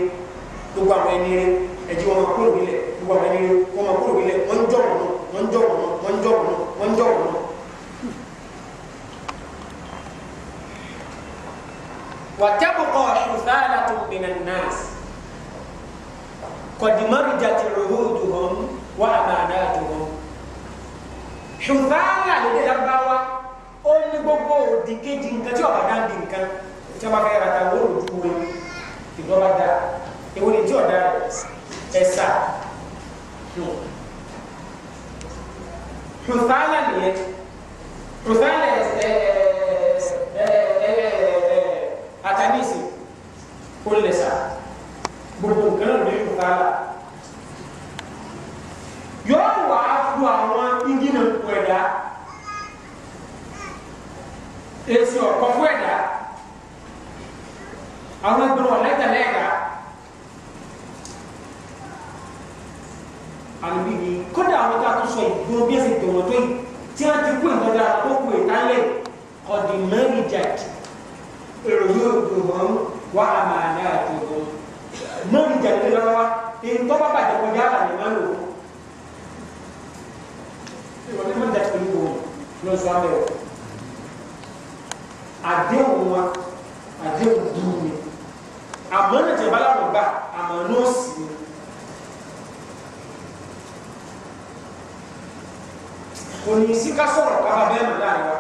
gbogbo àwọn ẹni rẹ ẹ̀jẹ̀ wọn máa kúrò nílẹ̀ gbogbo àwọn ẹni rẹ wọn máa kúrò nílẹ̀ wọ́n ń jọ̀ wọ́n wọ́n ń jọ̀ wọ́n wọ́n ń jọ̀ wọ́n wọ́n ń jọ̀ wọ́n. wàtẹ́bùkọ̀ ṣùfàlàtù minan nas kọ̀dìmọ́rìjàtì ròhóòdù hàn wà àmàdà àdùn hàn ṣùfàlà lédè lágbáwá ó ní gbogbo òdì kejì nǹkan tí ọ̀bàdà ń di nǹkan tí wọ́n bá fẹ́ rata wọ́n lò ju wọ́n ìgbọ́ba da èwo ni tí ọ̀dà ẹ̀sà rùfáàlà nìyẹn rùfáàlà àtàníìsì ó lè sà gbogbo nǹkan náà lórí rùfáàlà yóò wàá fún àwọn igi náà pẹ̀lú esi o kɔfɔɛ da àwọn ẹgbẹ́ wọn lẹ́tà lẹ́ẹ̀ka àlùbí ni kódà àwọn tó àtúnṣe ìgbọ́n bí ẹsẹ̀ gbọ̀ngàn tó yìí tí wọ́n ti kú ìtọ́jà tó kú ìtálẹ̀ ọ̀dì mẹ́rin jàdì èrò yóò gbọ̀ngàn wà á máa ní àjọyọ̀ mẹ́rin jàdì lọ́wọ́ wa ètò bá bàjẹ́ kọjá àlàyé máa ń lò ó. ìwọ ni mẹ́rin jàdì pẹ̀lú wọn lọ́sọ̀ọ́ bẹ̀rẹ̀ àdéhùn wa àdéhùn dúró ni àmọ́ náà tẹ̀ bá láwọn gbà àmọ́ náà sì ni. kò ní sí ká sọ̀rọ̀ kábà bẹ́ẹ̀ mọ̀ láàrin wa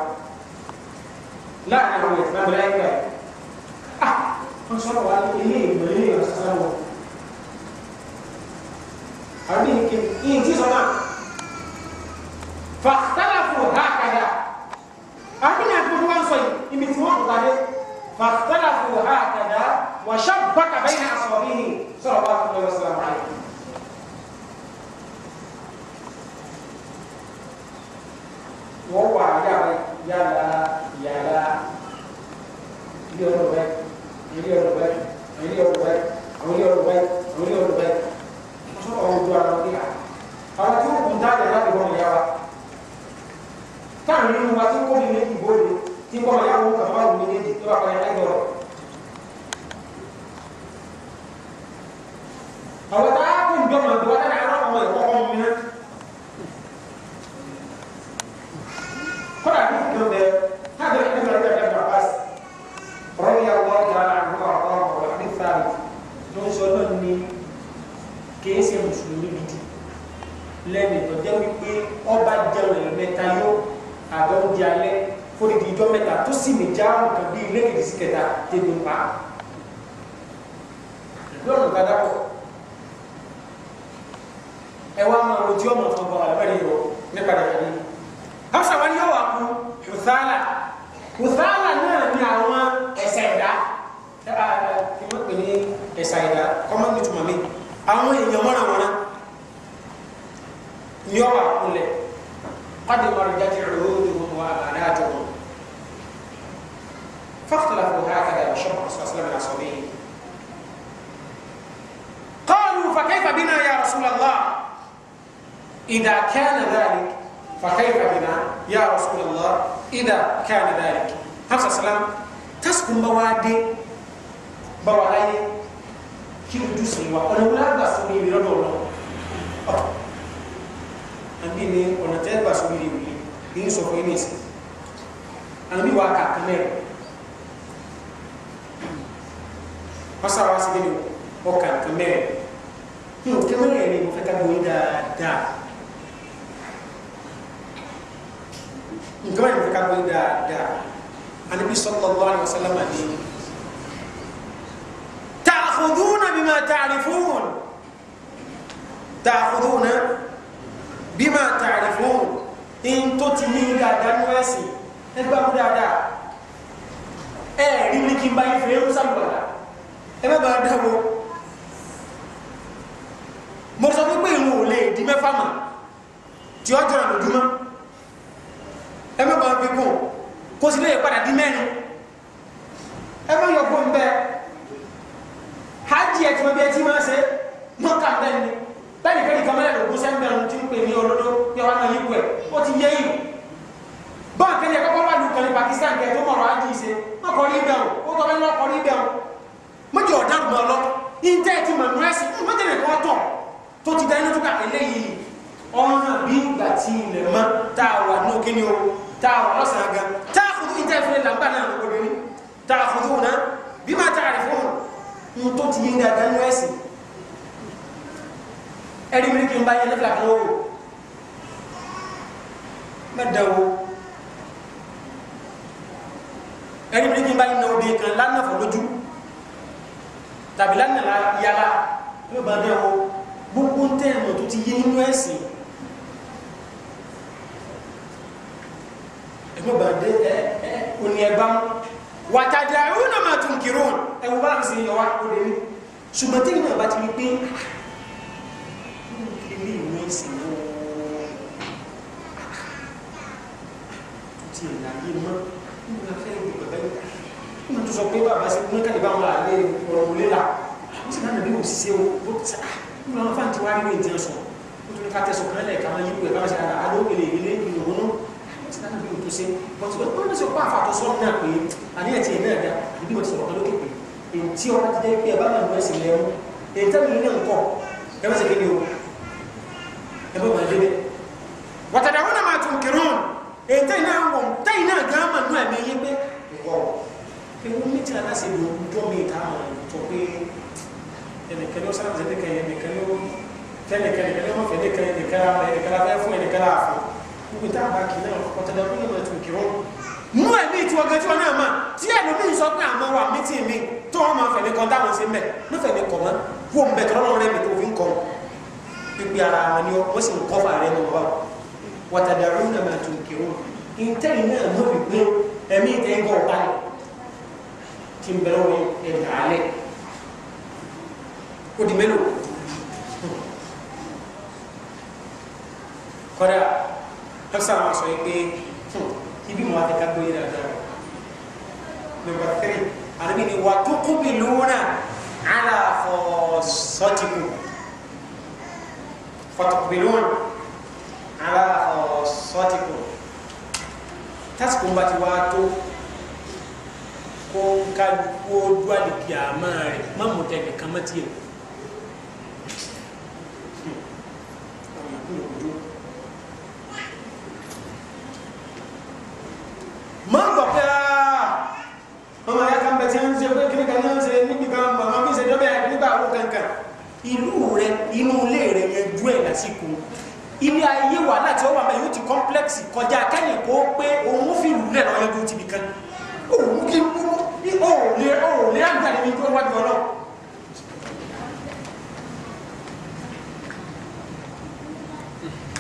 láàrin àwọn ìfẹ́ abẹ́rẹ́ ayé báyìí ah wọ́n sọ̀rọ̀ wa ilé ìmọ̀ ilé ìyàsọ́sọ́ wọn àbí ìyìn tí sọ náà. فرق بين اصابعه صلوات الله وسلامه عليه وهو يعلى يعلى يعلى يربك يربك يربك يربك يربك شو هو جوا ربيع على كل بندق لا يكون يا كان من وقت كل من يقول تقول يا هو كمان من يجي تقول يا هو àwọn tá a kó ń dọ́mọ̀ tó wọ́n tẹ́lẹ̀ àwọn ọmọ ẹ̀kọ́ ọmọ mi náà kọ́dà tó kí ló bẹ káàdé ẹni tó lọ́dọ̀ ẹ̀dá bá sí ọ̀rọ̀ yà wọ́n yà á àdúgbò àwọn ọ̀rọ̀ àbí fáàlì ló ń sọ náà ní kìí ṣe mùsùlùmí gidi lẹ́nu ìtọ́jẹ́ wípé ọba jẹun ẹ̀yọ mẹ́ta yó àbẹ̀ oúnjẹ alẹ́ fódìdì ìjọ ẹ wá máa rojú ọmọ fún ọgbà alábẹ́rẹ́ yìí o nípa rẹ̀ yìí. hafsa wa ni yóò wá kú hùsálà hùsálà náà ni àwọn ẹ̀sà ẹ̀dá kí wọ́n pè ní ẹ̀sà ẹ̀dá kọ́mọ́ ní tùmọ̀ mi àwọn èèyàn mọ́ra wọn ni yóò wá kú lẹ̀ kọ́dé mọ́ra jáde ròdò wọn wá àbàdà àjọ wọn. فاختلفوا هكذا بشرع الرسول صلى الله عليه وسلم قالوا فكيف بنا يا رسول الله إذا كان ذلك فكيف بنا يا رسول الله إذا كان ذلك حفصة السلام تسكن بوادي بوالي كي ودوسي ولولا بسوني بردولو àbí ni ọ̀nà tẹ́ gbà sórí ìwé ní ìsọ̀kọ̀ yìí nìsí àbí wà kà kan mẹ́rin pásá wa sí nínú ọkà kan mẹ́rin ní òkè mẹ́rin ni mo fẹ́ ká nǹkan yìí ká wí dáadáa anabi sallallahu alaihi wasallam ni ta'khuduna bima ta'rifun ta'khuduna bima ta'rifun in tó ti ní dáadáa ní ẹ̀sìn ẹgbẹ́ àwọn dáadáa ẹ̀ẹ́dì ní kí n bá yín fẹ́ ó sàlùbọ̀dà ẹ má bàa dáwọ́ mo sọ fún pé ìrùn ò lè di mẹ́fà mà tí ó jọra lójúmọ́ ẹ má bàa gbégbó kó sì lè padà di mẹ́rin ẹ má yọ gbóhùn bẹ́ẹ̀ hajj ẹ̀ tí wọ́n bí ẹ ti máa ṣe mọ́kà bẹ́ẹ̀ ni bẹ́ẹ̀ni kẹ́ni kan mẹ́rin ògùn sẹ́ńbẹ̀ ọ̀hún ti ń pè ní ọlọ́dọ́ ní ọ̀hún ayé wẹ̀ ó ti yé yìí báwọn kẹ́ni ẹ̀ kọ́kọ́ wà lù kan Pakistan kẹ́ tó mọ̀rọ̀ hajj ṣe wọ́n kọ́ rí bẹ́ẹ̀ o ó tọ́ bẹ́ẹ̀ ni wọ́n kọ́ rí bẹ́ẹ̀ o mọ́jọ ọ̀daràn mọ́ lọ ìjẹ́ ti mọ̀ nù ẹ̀sìn mọ́jọ ní kọ́ tọ̀ tó ti dá inú tó kà eléyìí ọ̀hún bí ìgbà tí ilẹ̀ mọ́ tá a wà ní òkè ni o táwọn lọ́sàn-án gan táàkùdù ìjà ìfúnni làgbà náà ló gbọdọ̀ ní táàkùdù náà bí máa tààrí fún un tó ti yé dáadáa nínú ẹ̀sìn ẹ̀rí mi kì í bá yẹn nígbà kan ẹmẹ ba de ẹ ẹ oníyẹgbam wàtàdé àwọn ọ̀nà máa tún kiri wọn ẹwọ bá mi sìn yọ wá kó lè ní ṣùgbọ́n tí ìyẹn bá ti rí pé ilé ìwé ìsìn náà tó ti ẹ̀ láyé mọ́ nígbà fẹ́ gbé bàbá yìí nígbà tó sọ pé bàbá sí gbọ́n kàlẹ́ bá wọn àlẹ́ ọ̀rọ̀ wọlé la ó sì náà nàbí òṣìṣẹ́ o bó ti sá nígbà wọn fà ń ti wá nínú ìdí ọ̀sán ó tún ní ká tẹ̀sán kan lẹ̀ ká máa yí pé bá wọn ṣe àdá alóògbélé ilé ìrònú sani bí o tó ṣe bọ́tí wọ́n wọ́n sọ pé àfàtọ́ sọ́ọ́ náà pé àní ẹ̀tì ẹ̀ náà dá ibi wọ́n ti sọ̀rọ̀ lókè pé ètí ọ̀rọ̀ ti jẹ́ pé ẹ̀bá náà lọ́ọ́ sì lẹ́rú ètí àmì yìí náà ń kọ́ ẹ bá ṣe kéde o ẹ bá máa débẹ̀. wàtàdà wọn náà máa tún kírun ètí náà wọ̀ táyì náà gán mà nú ẹ̀mí yé pé ìwọ ewu méjì aláṣẹ ló ń jọ mi ìta àwọn ìtọ pé ẹnìkan ló sáà ń ṣe ẹnìkan ẹnìkan ló fẹ́ ẹnìkan ẹnìkan ló fẹ́ ẹnìkan ẹnìkan ẹnìkan la fẹ́ fún ẹnìkan la fún gbogbo tá a bá kì í náà ọ̀tọ̀dọ̀ ló lọ́nà tó kì í rọrùn. mú ẹ̀mí tí wọ́n gan tí wọ́n náà mà tí ẹlòmíì sọ pé àmọ́ wa mí tì mí tó wọn máa fẹ̀mí kan dáhùn sí mẹ́ ló fẹ̀mí kọ̀ mọ́ wọ́n ń bẹ̀ tọ́lọ́ rẹ̀ mi tó fi ń kọ́ pípé ara wọn ni wọ́n sì ń kọ́ fà rẹ̀ mọ́ wa wọ́tàdà ló lọ́nà tó kì í rọrùn. ìtẹ́yìn náà ló fi gbé ẹ̀mí tẹ́ ń bọ̀ báyìí tí ń bẹ̀rẹ̀ wọ ẹ̀dà alẹ́ ó di mélòó kọ́dà tafsara wa sọ yìí pé ibi mu ati ka gbé yìí dáadáa nọmba tiri alebi ni wa tuku bi luna ala fọ sọtiku fọtuku bi luna ala fọ sọtiku tasiku ba ti wa to ko n ka ko do ali kiyama rẹ mamu tẹ ni kama tiẹ. kíní kan náà ń ṣe níbi kan màmá mi ṣe dọ́bẹ̀ nígbà àwọn kankan inú rẹ inú ilé rẹ yẹn ju ẹ̀ lásìkò ilé ayé wàhálà tí ó wà mẹ́yìn ó ti kọ́ńplẹ́ksì kọjá kẹ́yìn kó pé òun fi lù lẹ̀ lọ́yẹ́ ju tìbí kan òun kí mú bí òun lé òun lé àgbà níbi tó wájú ọlọ́run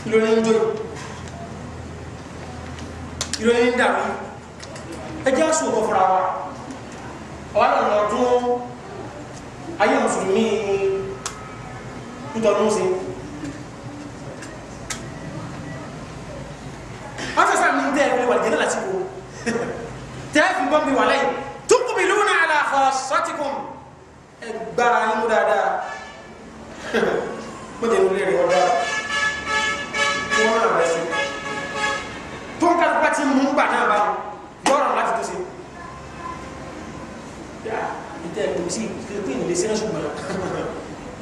ìròyìn jò ìròyìn dàrú ẹjẹ́ àsùn ọkọ̀ fúnra wa ọlọ́run ọdún ayé mùsùlùmí nítorún sí ọ́sọ̀sá mi ń tẹ́ẹ̀fẹ́ wà jẹ́nà láti kó tẹ́ẹ̀fì bọ́m bí wà láyé tó kú bí lónà àlàfọ́ sọ́tìkùn ẹgbàrá inú dáadáa mọ́jẹ̀ ní rẹ̀ ọ̀dọ́ tó wọ́n náà rẹ̀ sí tó ń kálukú mú gbà náà báyìí ìtẹ́ kò sí pé ìlẹ̀ sí ẹ̀ṣùgbọ́n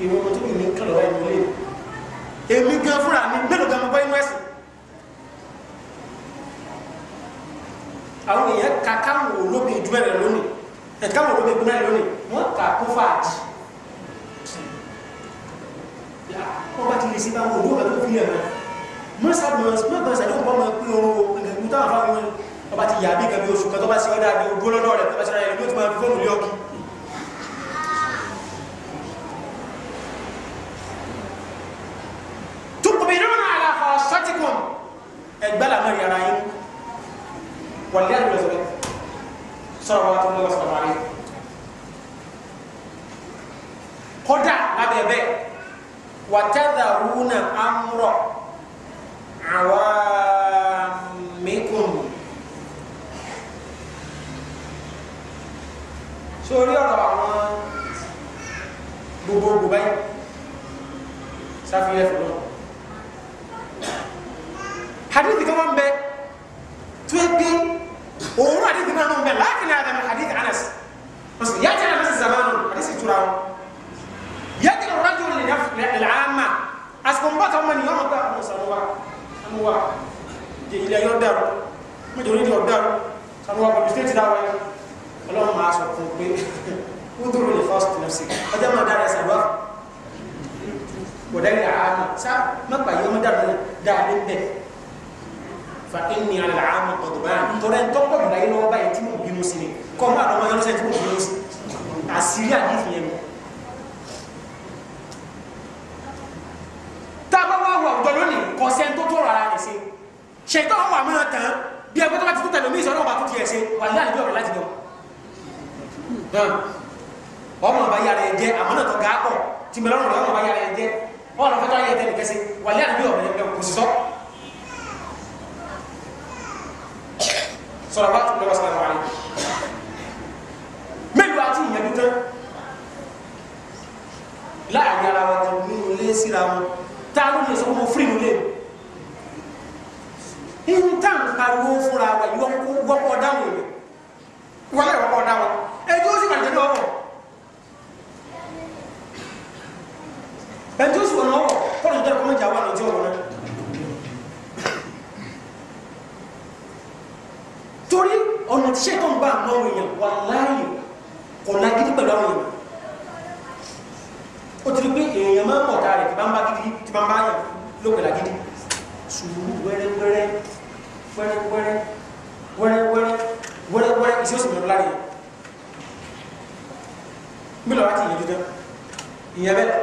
ìwọ̀n ọmọ tó mi ní kẹlọ̀ ẹ̀ ló lè èmi gan fúnra mi mélòó gan mo bá inú ẹ̀sìn àwọn èèyàn ka káwọn olóbi ìdúmẹ̀rẹ̀ lónìí ẹ̀ káwọn olóbi ìdúmẹ̀rẹ̀ lónìí wọ́n kà kó fàájì wọ́n bá ti lè ṣe báwọn olóbi ìdúmẹ̀rẹ̀ lónìí mọ́sàdùn mọ́sàdùn mọ́sàdùn mọ́ tó bá ti yà bí nǹkan bí oṣù kan tó bá ṣe ọ́ dáadé ojú ọlọ́dọ̀ rẹ̀ tó bá ṣe ra ẹ̀rọ yóò ti máa fi fóònù lé ọkì. tukubiruna ala khassatikum ẹgbẹ́ làmọ́ ìyára yín wàlẹ́ àdúrà sọ̀rọ̀ sọ̀rọ̀ wa tó ń lọ sọ̀rọ̀ wa rí kódà lábẹ́ẹ̀bẹ́ wàtẹ́dàrúnà amúrọ̀ àwọn. sórí ọ̀rọ̀ àwọn gbogbogbò báyìí sáfihàn fún wọn hadithi kan wọn bẹ tó ẹ gbé òun hadithi náà wọn bẹ láàkìlẹ̀ àdàmì hadithi anas parce que yàtí anas zamanu hadithi tura wọn yàtí rọjò lè làámà àsìkò mbà tó mọni yọmọ gbà àwọn sanuwa sanuwa jẹ ilé ayọ dàrú mo jẹ onídìí ọdarú sanuwa kò ní stéètì dáwọ yẹn ọlọ́run máa sọ fún pé kúndùrú ní first nurse ọjọ́ máa dára ẹsẹ̀ lọ́wọ́ bọ̀dẹ́rì àánú sá mẹ́pà yìí ọmọ dàrú dáa ní bẹ́ẹ̀ fa ẹni àlà àánú ọ̀dọ̀bá tọrẹ tọ́pọ̀ ìlà yìí lọ́wọ́ báyìí tí mo bínú sí ni kọ́ máa lọ́wọ́ yọ́n sẹ́ tí mo bínú sí àṣírí àdífì yẹn tá a bá wà wà ọ̀dọ́ lónìí kọ́ sẹ́ tó tó rárá ẹ̀ sí ṣètò àwọn àmọ́ tán bí ẹgbẹ́ tó bá ti tó tẹ̀lé omi ìṣọ́nà ọba tó ti ẹ̀ sí wà láàrin bí ọ̀rọ̀ láti dán hàn ọmọ ọba yàrá ẹ jẹ àmọ́nà tó ga pọ̀ tìmọ̀lọ́rùn ọmọ ọba yàrá ẹ jẹ wọn lọ fẹ́ tó ayé ẹ̀dẹ́ nìkẹ́sẹ̀ wàlẹ́ àdúgbò ọ̀bẹ yẹn bẹ́ẹ̀ kò sí sọ. sọ̀rọ̀ bá tún lọ́wọ́ sọ̀rọ̀ wáyé mélòó àti ìyẹn tó tán láàrin ara wọn kan nínú ilé síra wọn táwọn yẹn sọ wọn fún ìlú lé ní táwọn pariwo fúnra wọn ìwọ́n kó dáhùn rẹ̀ wọlé ọkọ náà wọn ẹjọ sì wàlẹ náà wọ ẹjọ sì wọn náà wọ kọlọ tó kọmọ jà wà lọ tí wọn náà torí ọ̀nà tí sẹ́kọ̀ ń bá àwọn ọmọ èèyàn wà láàyè kò lágídí pẹ̀lú àwọn èèyàn ó ti rí pé èèyàn máa ń mọ̀ ọ̀tá rẹ̀ tí bá ń bá gidi tí bá ń bá yàn ló pè lágídí sùúrù wẹ́rẹ́wẹ́rẹ́ wẹ́rẹ́wẹ́rẹ́ wẹ́rẹ́wẹ́rẹ́ wẹ́rẹ́ wẹ́rẹ́ iṣẹ́ oṣù mẹ́rin lára yẹn mi lọ́ra ti yẹn dídán ìyẹn bẹ́ẹ̀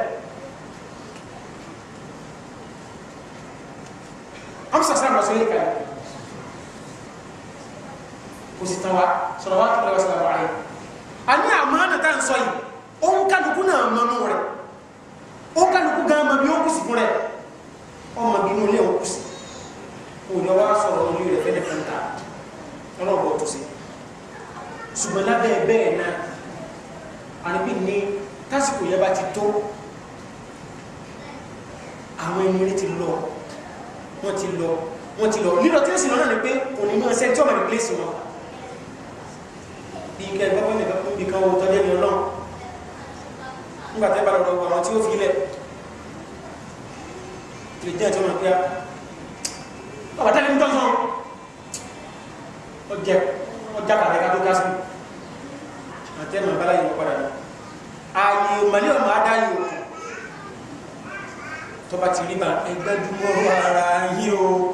amsa sàmà sọ yẹ kàlẹ́ kò sì tán wa sọ̀rọ̀ wa kìlọ̀ sọ̀rọ̀ wa yẹn àní àmàna tá à ń sọ yìí ó ń na náà mọ nù rẹ̀ ó kálukú gan mọ bí ó kù sí fún rẹ̀ ọmọ bí inú ilé ò kù sí òun ni wọ́n á sọ̀rọ̀ orí rẹ̀ fẹ́ẹ́ fẹ́ẹ́ ta ọlọ́ọ̀bọ̀ tó ṣùgbọ́n lábẹ́ bẹ́ẹ̀ náà àníbí ní tásìkò yẹn bá ti tó àwọn ẹni ti lọ wọ́n ti lọ wọ́n ti lọ lílọ tí ó sì lọ́nà ni pé kò ní mọ́ ẹsẹ́ tí ọmọ ìpínlẹ̀ sí wọn bí kẹ́ ẹgbẹ́ pẹ́ẹ́mì kan níbi kan wọ́n tọ́jú ẹni ọlọ́run nígbà tẹ́ bá lọ lọ àwọn tí ó fi lẹ̀ lè jẹ́ ìtọ́nà pé a bàbá tẹ́lẹ̀ ń tọ́sán ó jẹ́ wọn jápa rẹ kátó kásì àti ẹnu abala yìí padà ní ààyè màlẹ ọmọ adá yìí o tọba ti rí ba ẹgbẹdúmọ ara yìí o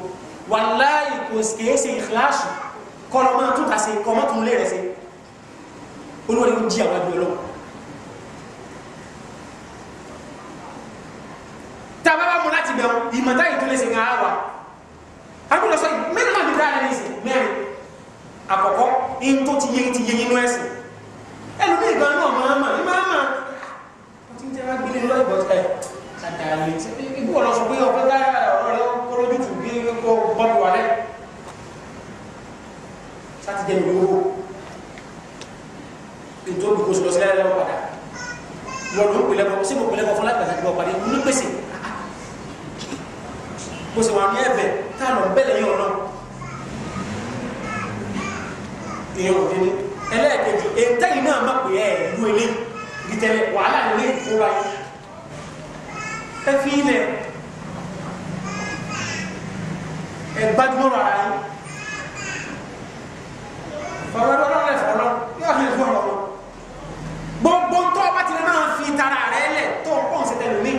wàláyé kò kìí ṣe ìkíláàsì kọlọmọ tó kà ṣe kọmọ tó ń lé rẹ ṣe olórí ń jí àwọn ẹbí ọlọ́wọ́. tababa mu láti bẹ̀rù ìmọ̀tá yìí tó lè ṣe ń ha wa. àbúrò sọ yìí mẹ́rin máa ń dá ara ní ìsìn mẹ́rin àkọ́kọ́ in tó ti yé ti yé nínú ẹ̀sìn ẹlòmí ìgbà náà máa mà ní máa mà ó ti ń tẹ́ra gbélé eh, lọ ìbọn tẹ àdàlẹ ibú ọ̀rọ̀ sọ pé ọ̀pẹ táyà ọ̀rọ̀ rẹ kọ́rọ́ bí tù bí kọ́ bọ́ọ̀lù wà lẹ́ sáti jẹ́ ìlú owó ètò olùkó sọ̀rọ̀ sílẹ̀ lọ́wọ́ padà lọ́dún ó pèlẹ́ bọ́ sí mo pèlẹ́ bọ́ fún láti gbàgbọ́ padà ní pèsè bó ṣe wà ní ẹ̀fẹ̀ táà lọ bẹ́ẹ̀ lẹ́yìn tẹ́yìn náà má pè ẹ́ ìlú ilé ìtẹ̀lẹ̀ wàhálà nílé ìfowópamọ́ yìí ẹ fi ilẹ̀ ẹ gbajúmọ̀ ara yìí fọlọ́dọ́ lọ́rọ̀ ẹ̀ fọlọ́ yóò fi fún ọ̀rọ̀ gbogbo tó ọba ti náà fi tara rẹ̀ lẹ̀ tó ń pọ̀n sẹ́tẹ̀ lómi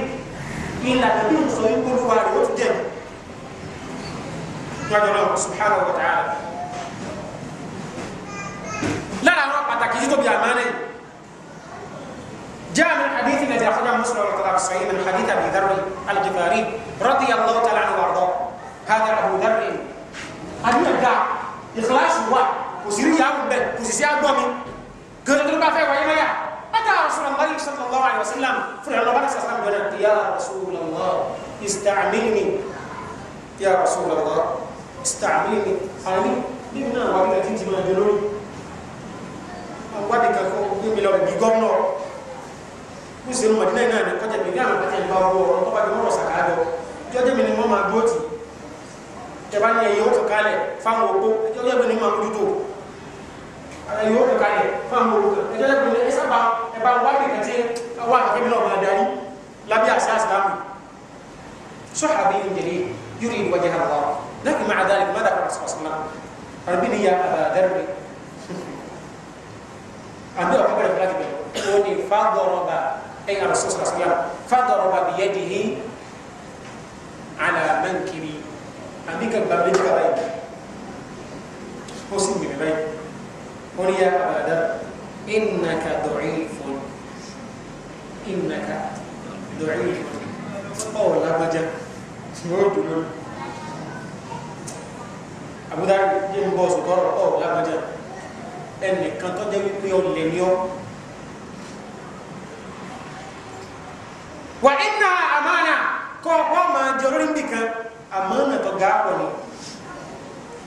ìlànà bí mo rẹ̀ ó ti jẹ̀ mi. Gbàdúrà subhanahu wa حديثه بأمانة جاء من الحديث الذي أخرجه مسلم والقضاء الصحيح من حديث أبي ذر الغفاري رضي الله تعالى عنه وأرضاه هذا أبو ذر أبي الدع إخلاص هو وسيري يا رب وسيسي أبو أمين قلت له بافع وإما يا أتى رسول الله صلى الله عليه وسلم فرع الله صلى الله عليه وسلم يا رسول الله استعملني يا رسول الله استعملني أمين بمنا وبنا تنتي ما دلوني mo wá nìkan kó gbé mi lọ rẹ̀ bí gómìnà mo sì ń mọ̀dínà náà ní kọjá mi ní àwọn kọjá ìgbà owó ọ̀rọ̀ tó bá di mọ́rọ̀ sàkà lọ jọ́jọ́ mi ni wọ́n máa dúró tì ìjọba ní ẹ̀yọ́ kọ̀kálẹ̀ fáwọn òpó jọ́jọ́ mi ni wọ́n máa mójútó ẹ̀yọ́ kọ̀kálẹ̀ fáwọn òpó jọ́jọ́ mi ni ẹ sábà ẹ bá wá nìkan tí wà kébí náà máa darí lábẹ́ àṣà àsìlámù صحابي جليل يريد وجه الله لكن مع ذلك فضرب أي الرسول صلى الله عليه وسلم فضرب بيده على منكبي أميك بمنك بيك حسن من بيك قل يا أبا ذر إنك ضعيف إنك ضعيف أو لا بجا سمعت أبو ذر ينبوس قرر أو لا بجا إنك كنت تجيب يوم لليوم wa inna amana kọ́ ọ máa jẹ olórí nìkan amana tó ga pọ̀ ni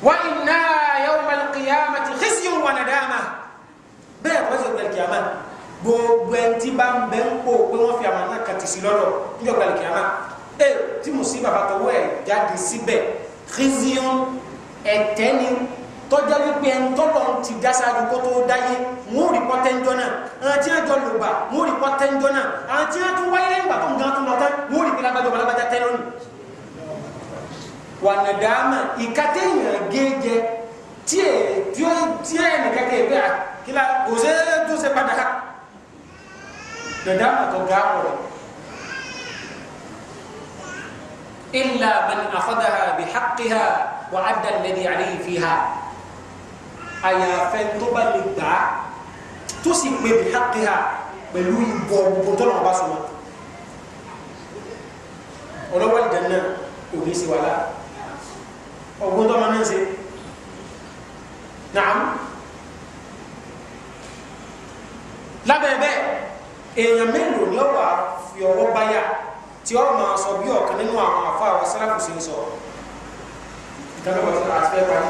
wa inna yawmal qiyamati khizyun wa nadama bẹ́ẹ̀ kọ́ sí ọgbẹ́lì kìyàmá gbogbo ẹni tí bá ń bẹ́ ń fi amana kàtì sí lọ́dọ̀ ní ọgbẹ́lì kìyàmá ẹ tí mo sí bàbá tọwọ́ ẹ̀ jáde síbẹ̀ khizyun ẹ̀tẹ́ni tọ́já wípé ẹnu tọ́lọ̀ ti dá sáájú kó tó dáyé mú rí pọ́tẹ́ńjọ́ náà àti àjọ lògbà mú rí pọ́tẹ́ńjọ́ náà àti àjọ wáyé lẹ́yìn ìgbà tó ń gan tó lọ tán mú rí pílágbájọ balábájá tẹ́ lónìí. wàhánà dáàmà ìkàtẹ́yìn géèjẹ tí ẹ tí ó tí ẹ nìkan kẹ bẹ́ẹ̀ kíla òṣè tó ṣe padà nàdáàmà tó ga ọ̀rọ̀ illa man akhadha bihaqqiha wa adda alladhi alayhi fiha àyàfẹ́ tó bá lè gbà á tó sì pé bí hákìá pẹ̀lú ìbọ̀ gbogbo tó náà bá sọ wọn. ọlọ́wọ́ ìdáná kò ní í ṣe wàhálà ọgbọ́n tó máa ń ṣe nàám lábẹ́ bẹ́ẹ̀ èèyàn mélòó ni ó wà fi ọwọ́ báyà tí ó máa sọ bí ọ̀kan nínú àwọn àfa àwọn sáláfù sí ń sọ ìdáná wà fún àti fẹ́ parí.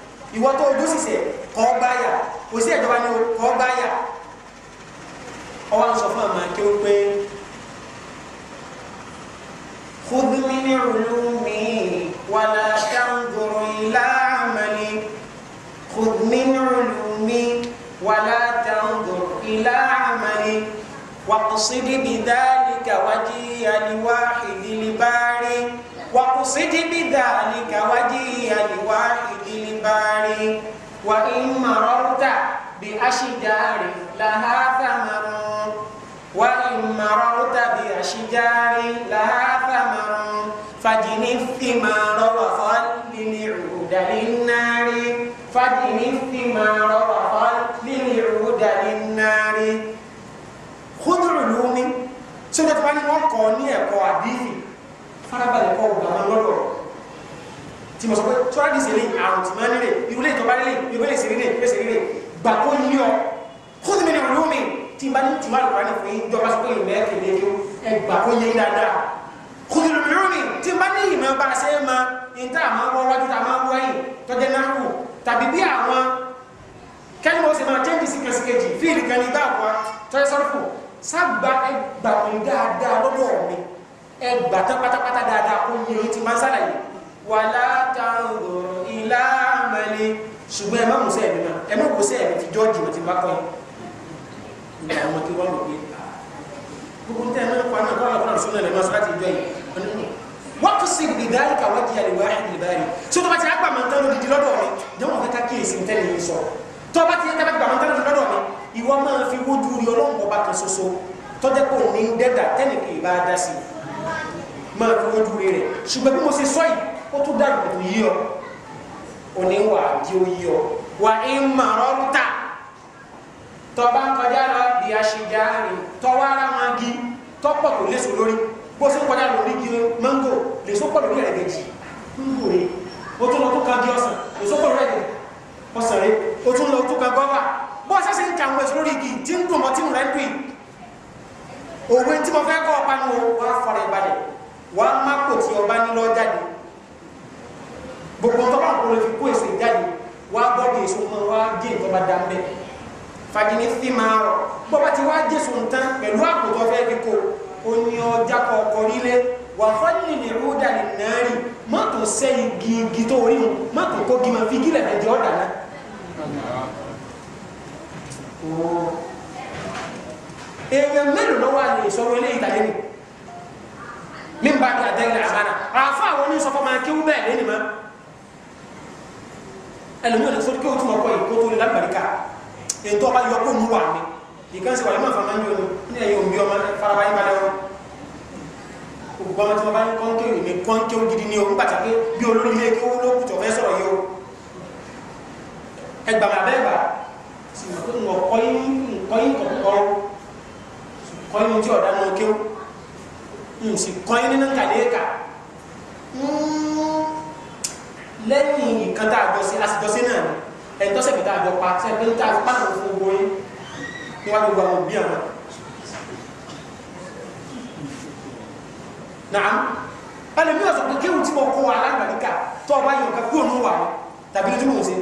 ìwọ tó o dúsì sẹ kọ́ ọ gbáyà kò sí ẹ̀jọba ni kọ́ ọ gbáyà ọ wá ń sọ fún àmà kí ó pé kúndùmínì rúlùmí wàlá táǹgòrò ilá àmàlí kúndùmínì rúlùmí wàlá táǹgòrò ilá àmàlí wàkùsídìí bìdálìkà wájíyà ni wáhìdì lè bá rí wàkùsídìí bìdálìkà wájíyà ni wáhìdì. بار وإن مررت بأشجار لها ثمر وإن مررت بأشجار لها ثمر فاجني الثمار وخل لنعود للنار فاجني الثمار وخل لنعود للنار خذ علومي سنة من وقوني أقوى فراbalẹ̀ kọ́ ọ̀gá wọn tí mo sọ pé tíwájú sí ilé àrùn tí máa nílé irú lè tọ́ba nílé irú lè sí nílé irú lè sí nílé gbà kó yí ọ kó sì mi ní olú mi tí n bá ní tìmọ̀ àlùkò ní fún ìjọba sọ pé ìmọ̀ ẹ̀ kéde kí ẹ gbà kó yẹ dáadáa kó sì mi lórí mi tí n ní ìmọ̀ bá a ṣe é ma ní tá a máa wọ wájú tá a máa wọ ẹ̀yìn tọ́jú náà kù tàbí bí àwọn kẹ́ni máa jẹ́ ìdísí kẹsíkẹjì fíìlì kan ní bá àpò tọ́jú sọ́rọ́kù sábà ẹ gbà mí dáadáa lọ́dọ̀ mi ẹ gbà tán pátápátá dáadáa kó yẹ wàlá tàǹgọ̀rọ̀ ìlà àmàlẹ́ ṣùgbọ́n ẹ má mú sẹ́ẹ̀mí náà ẹ má kó sẹ́ẹ̀mí ti jọ́ọ̀jì wọn ti bá kọ́ yẹn ìgbà ọmọ kí wọ́n lò pé gbogbo tẹ́ ẹ mẹ́rin pa náà kọ́ra kọ́ra sọ́nà lẹ́nu ọ̀sán láti ìjọ yìí wọ́n tún sì gbèdé àríkà wọ́n di àríwá ìlú báyìí sọ́tọ́ bá ti àgbà máa ń tán lódìdí lọ́dọ̀ rẹ̀ jẹ́wọ́n fẹ́ ká kíyèsí ń tẹ́lẹ̀ yìí sọ̀rọ̀ tọ́ bá ti ẹ́ tẹ́lẹ̀ gbà máa ń tán lódìdí máa fi wójú rí ọlọ́run ọba kan ṣoṣo tọ́jẹ́ pé òun ní tẹ́nìkì bá dá sí máa fi wójú rí rẹ̀ ṣùgbọ́n bí mo ṣe sọ yìí ó tún dàrú kò tún yí ọ òní wà á di ó yí ọ wà á ń màrọ́ ń tà tọba kọjá lọ bí aṣèjà rè tọwọ́ ara máa gi tọ́pọ̀ kò léṣo lórí bó ṣe ń kọjá lórí gi mango léṣo pọ̀ lórí rẹ̀ gẹ̀jì ń wò rè o tún lọ tún kan di ọsàn léṣo pọ̀ lórí rẹ̀ ọsàn rè o tún lọ tún kan gọ́fà bó ṣe ṣe ń ta àwọn èso lórí igi tí ń dùn tí mo rẹ̀ ń dùn òwe tí mo fẹ́ kọ́ ọ panu o wà á fọ̀rọ̀ ìbàdàn wà á má kò tí ọba ní lọ́ọ́ jáde gbogbo tọ́ba àkọlẹ̀ fi kó èsè jáde wá gbọ́dọ̀ èso mọ́ wá gé ìtọ́ba dáńbẹ́ fagini fi máa rọ̀ bọ́ba ti wá jésù ń tán pẹ̀lú àkótọ́ fẹ́ fi kó o ní ọjà kọ̀ọ̀kọ̀ nílé wà fọ́nì ní rúdà ní nàárì má tó sẹ́ igi igi tó orí mu má tó kó gímọ̀ fi gílẹ̀ fẹ́ di ọ̀dà náà. èèyàn mélòó lọ́wọ́ àlè ìsọ̀rọ̀ eléyìí tàbí mi mi bá a dá àtẹ́gẹ́rẹ́ àbáná àwọn oníṣọ́fọ́ máa kéwú bẹ́ẹ̀ lé ẹlòmí ọ̀nà sórí kí o túnmọ̀ kọ́ ìkó tó ní lágbàríkà ètò ọba yọ kó mú wà ní ìkan sí wà lọ́mọ àfàmà ní ọmọ ní ẹ̀yẹ òmí ọmọ faraba yín balẹ̀ wọn ògbọ́n tí wọ́n bá ní kọ́ńké ìmí kọ́ńké gidi ní o nígbà tí bí olórí ilé kí ó lókù fẹ́ sọ̀rọ̀ yìí o ẹgbà mà bẹ́ẹ̀ bà nkọ́yìn nkọ́yìn kọ̀ọ̀kọ́ nkọ́yìn tí ọ̀dà lẹ́yìn nǹkan tá a jọ sí àsìjọsí náà ni ẹ̀tọ́ sẹ̀mí tá a jọ pa sẹ́pẹ́ tá a pa náà fún owó yín níwájú gbogbo àwọn òbí àwọn. Nàá ẹlẹ́mi ọ̀sán pé kéwù tí mo kó wa alágbàdíkà tó ọba yìí ọ̀ka kúrò níwà rẹ̀ tàbí lójú mò ń ṣe.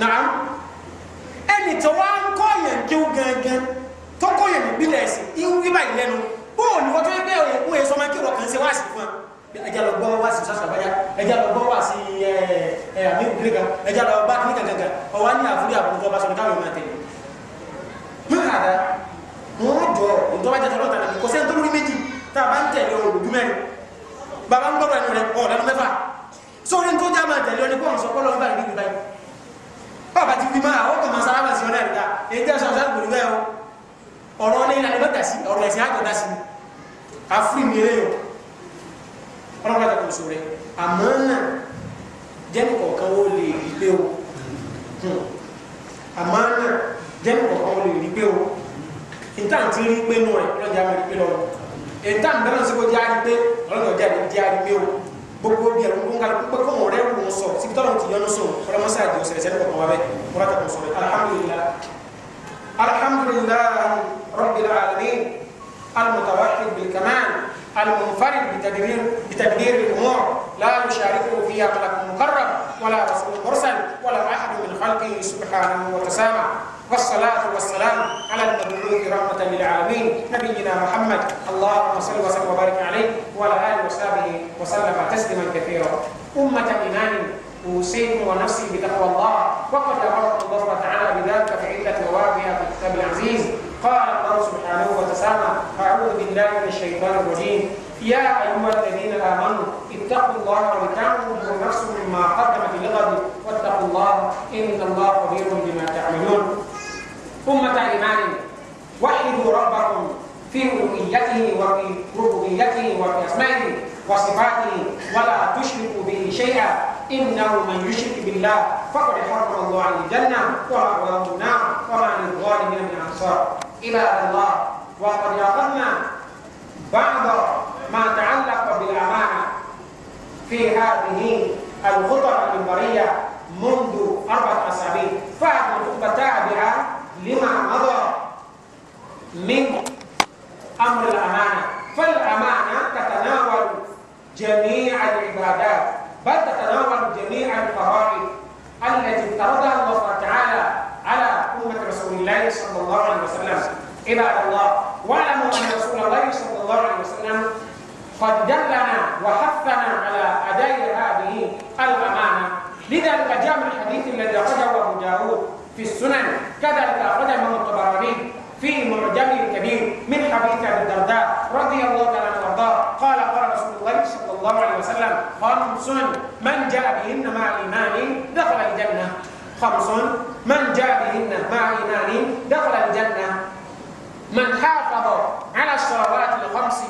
Nàá ẹnì tó wá ń kọ́ yẹn kéwù gangan tó kọ́ yẹn níbí lẹ̀ ẹ̀sìn ìwúrí báyìí lẹ́nu bóòlù wọ́n tó yẹ bẹ́ẹ̀ òun èso máa kéwù ọ̀kan ṣe wá sí fún wa ẹja lọ gbọ́ wá sí sàṣàbáyá ẹja lọ gbọ́ wá sí ẹ ẹ àmì òkúrẹ́gà ẹja lọ bá kí gàgàgà ọwọ́ ní àfúrí àbùkù ọba sọ̀rọ̀ káwọn máa tẹ̀lé. mú àdá wọn jọ ìjọba jẹta lọ́ta nàbí kò sẹ́ńtọ́ lórí méjì tá a bá ń tẹ̀lé ọ̀rọ̀ òdú mẹ́rin bàbá ń gbọ́dọ̀ ẹnu rẹ ọ̀ọ́dẹ́nu mẹ́fà sórí tó já máa tẹ̀lé ọdún pọ́ùn sọpọ́ lọ́wọ́ báyìí nígbà yìí bàbá ti fi máa àwọn kọ̀mọ̀ sára màsí ọ̀nà ẹ̀dá èyí tẹ́ ọlọ́pàá tó kò sùn rẹ àmọ́ náà jẹ́nu kọ̀ọ̀kan ó lè rí pé o hmm. àmọ́ náà jẹ́nu kọ̀ọ̀kan ó lè rí pé o ìta ti rí pé nù ẹ̀ ọlọ́jà mi rí pé lọ́wọ́ ìta ń bẹ́rẹ̀ síbi ọjà rí pé ọlọ́jà ọjà rí di arí pé o gbogbo bí ẹ̀rù ń kálukú pé kóhùn rẹ̀ wò sọ síbi tọ́lọ̀ ti yọnu sùn ọlọ́mọsá àti òsèrè sẹ́ni kọ̀ọ̀kan wa bẹ́ẹ̀ ọlọ́jà kò sọ̀rọ̀ alhamdulillah alhamdulillah rabbil alamin المتوحد بالكمال المنفرد بتدبير بتدبير الامور لا يشاركه فيها ملك مقرب ولا رسول مرسل ولا احد من خلقه سبحانه وتسامى والصلاة والسلام على المبعوث رحمة للعالمين نبينا محمد اللهم صل وسلم وبارك عليه وعلى آله وصحبه وسلم تسليما كثيرا أمة إيمان أوصيكم ونفسي بتقوى الله وقد أمرت الله تعالى بذلك في عدة مواضع في الكتاب العزيز قال الله سبحانه وتعالى أعوذ بالله من الشيطان الرجيم يا أيها الذين آمنوا اتقوا الله ولتنظر نفس ما قدمت لغد واتقوا الله إن الله خبير بما تعملون أمة إيمان وحدوا ربكم في ألوهيته وفي ربوبيته وفي أسمائه وصفاته ولا تشركوا به شيئا إنه من يشرك بالله فقد حرم الله عليه الجنة له النار وما للظالمين من أنصار إلى الله وقد يقظنا بعض ما تعلق بالأمانة في هذه الخطبه المنبرية منذ اربع أسابيع فهذه الخطبة تابعة لما مضى من أمر الأمانة فالأمانة تتناول جميع العبادات بل تتناول جميع الفرائض التي افترضها الله تعالى على أمة رسول الله صلى الله عليه وسلم عباد الله واعلموا أن رسول الله صلى الله عليه وسلم قد دلنا وحثنا على أداء هذه الأمانة لذلك جاء من الحديث الذي أخرجه أبو داود في السنن كذلك أخرجه الطبراني في معجم كبير من حديث ابي الدرداء رضي الله تعالى عنه وارضاه قال قال رسول الله صلى الله عليه وسلم خمس من جاء بهن مع ايمان دخل الجنه خمس من جاء بهن مع ايمان دخل الجنه من حافظ على الصلوات الخمس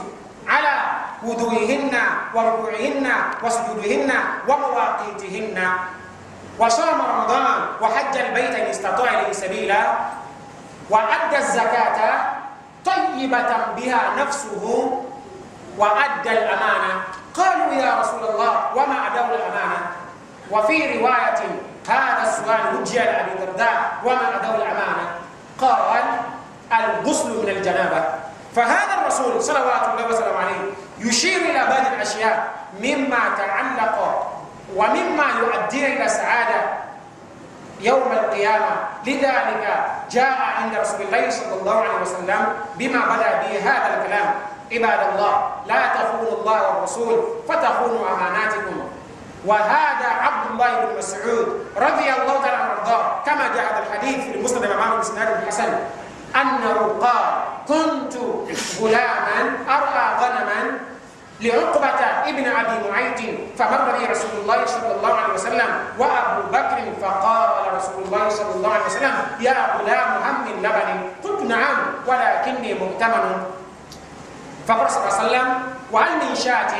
على وضوئهن وركوعهن وسجودهن ومواقيتهن وصام رمضان وحج البيت ان استطاع اليه سبيلا وأدى الزكاة طيبة بها نفسه وأدى الأمانة قالوا يا رسول الله وما أدوا الأمانة وفي رواية هذا السؤال وجه لأبي الدرداء وما أدوا الأمانة قال الغسل من الجنابة فهذا الرسول صلوات الله وسلامه عليه يشير إلى بعض الأشياء مما تعلق ومما يؤدي إلى السعادة يوم القيامة لذلك جاء عند رسول الله صلى الله عليه وسلم بما بدا به هذا الكلام عباد الله لا تخونوا الله والرسول فتخونوا أماناتكم وهذا عبد الله بن مسعود رضي الله تعالى عنه وارضاه كما جاء هذا الحديث في المسند الامام بسناد الحسن انه قال كنت غلاما ارعى غنما لعقبة ابن أبي معيط فمر به رسول الله صلى الله عليه وسلم وأبو بكر فقال رسول الله صلى الله عليه وسلم يا غلام هم من لبن قلت نعم ولكني مؤتمن فقال صلى الله عليه وسلم وهل من شاة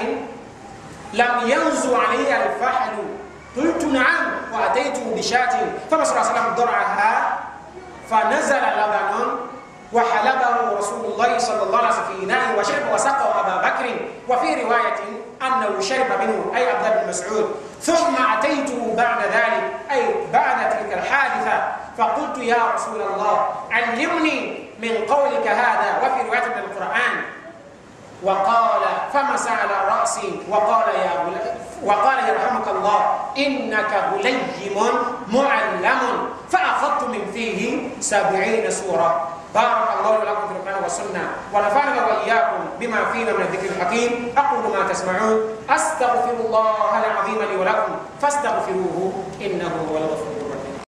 لم ينزو عليها الفحل قلت نعم وأتيته بشاة فما صلى الله عليه وسلم درعها فنزل لبن وحلبه رسول الله صلى الله عليه وسلم في إناء وشرب وسقى أبا بكر وفي رواية أنه شرب منه أي عبد بن مسعود ثم أتيته بعد ذلك أي بعد تلك الحادثة فقلت يا رسول الله علمني من قولك هذا وفي رواية من القرآن وقال فمس على رأسي وقال يا وقال يرحمك الله إنك غليم معلم فأخذت من فيه سبعين سورة بارك الله لكم في القرآن والسنة ونفعنا وإياكم بما فينا من الذكر الحكيم أقول ما تسمعون أستغفر الله العظيم لي ولكم فاستغفروه إنه هو الغفور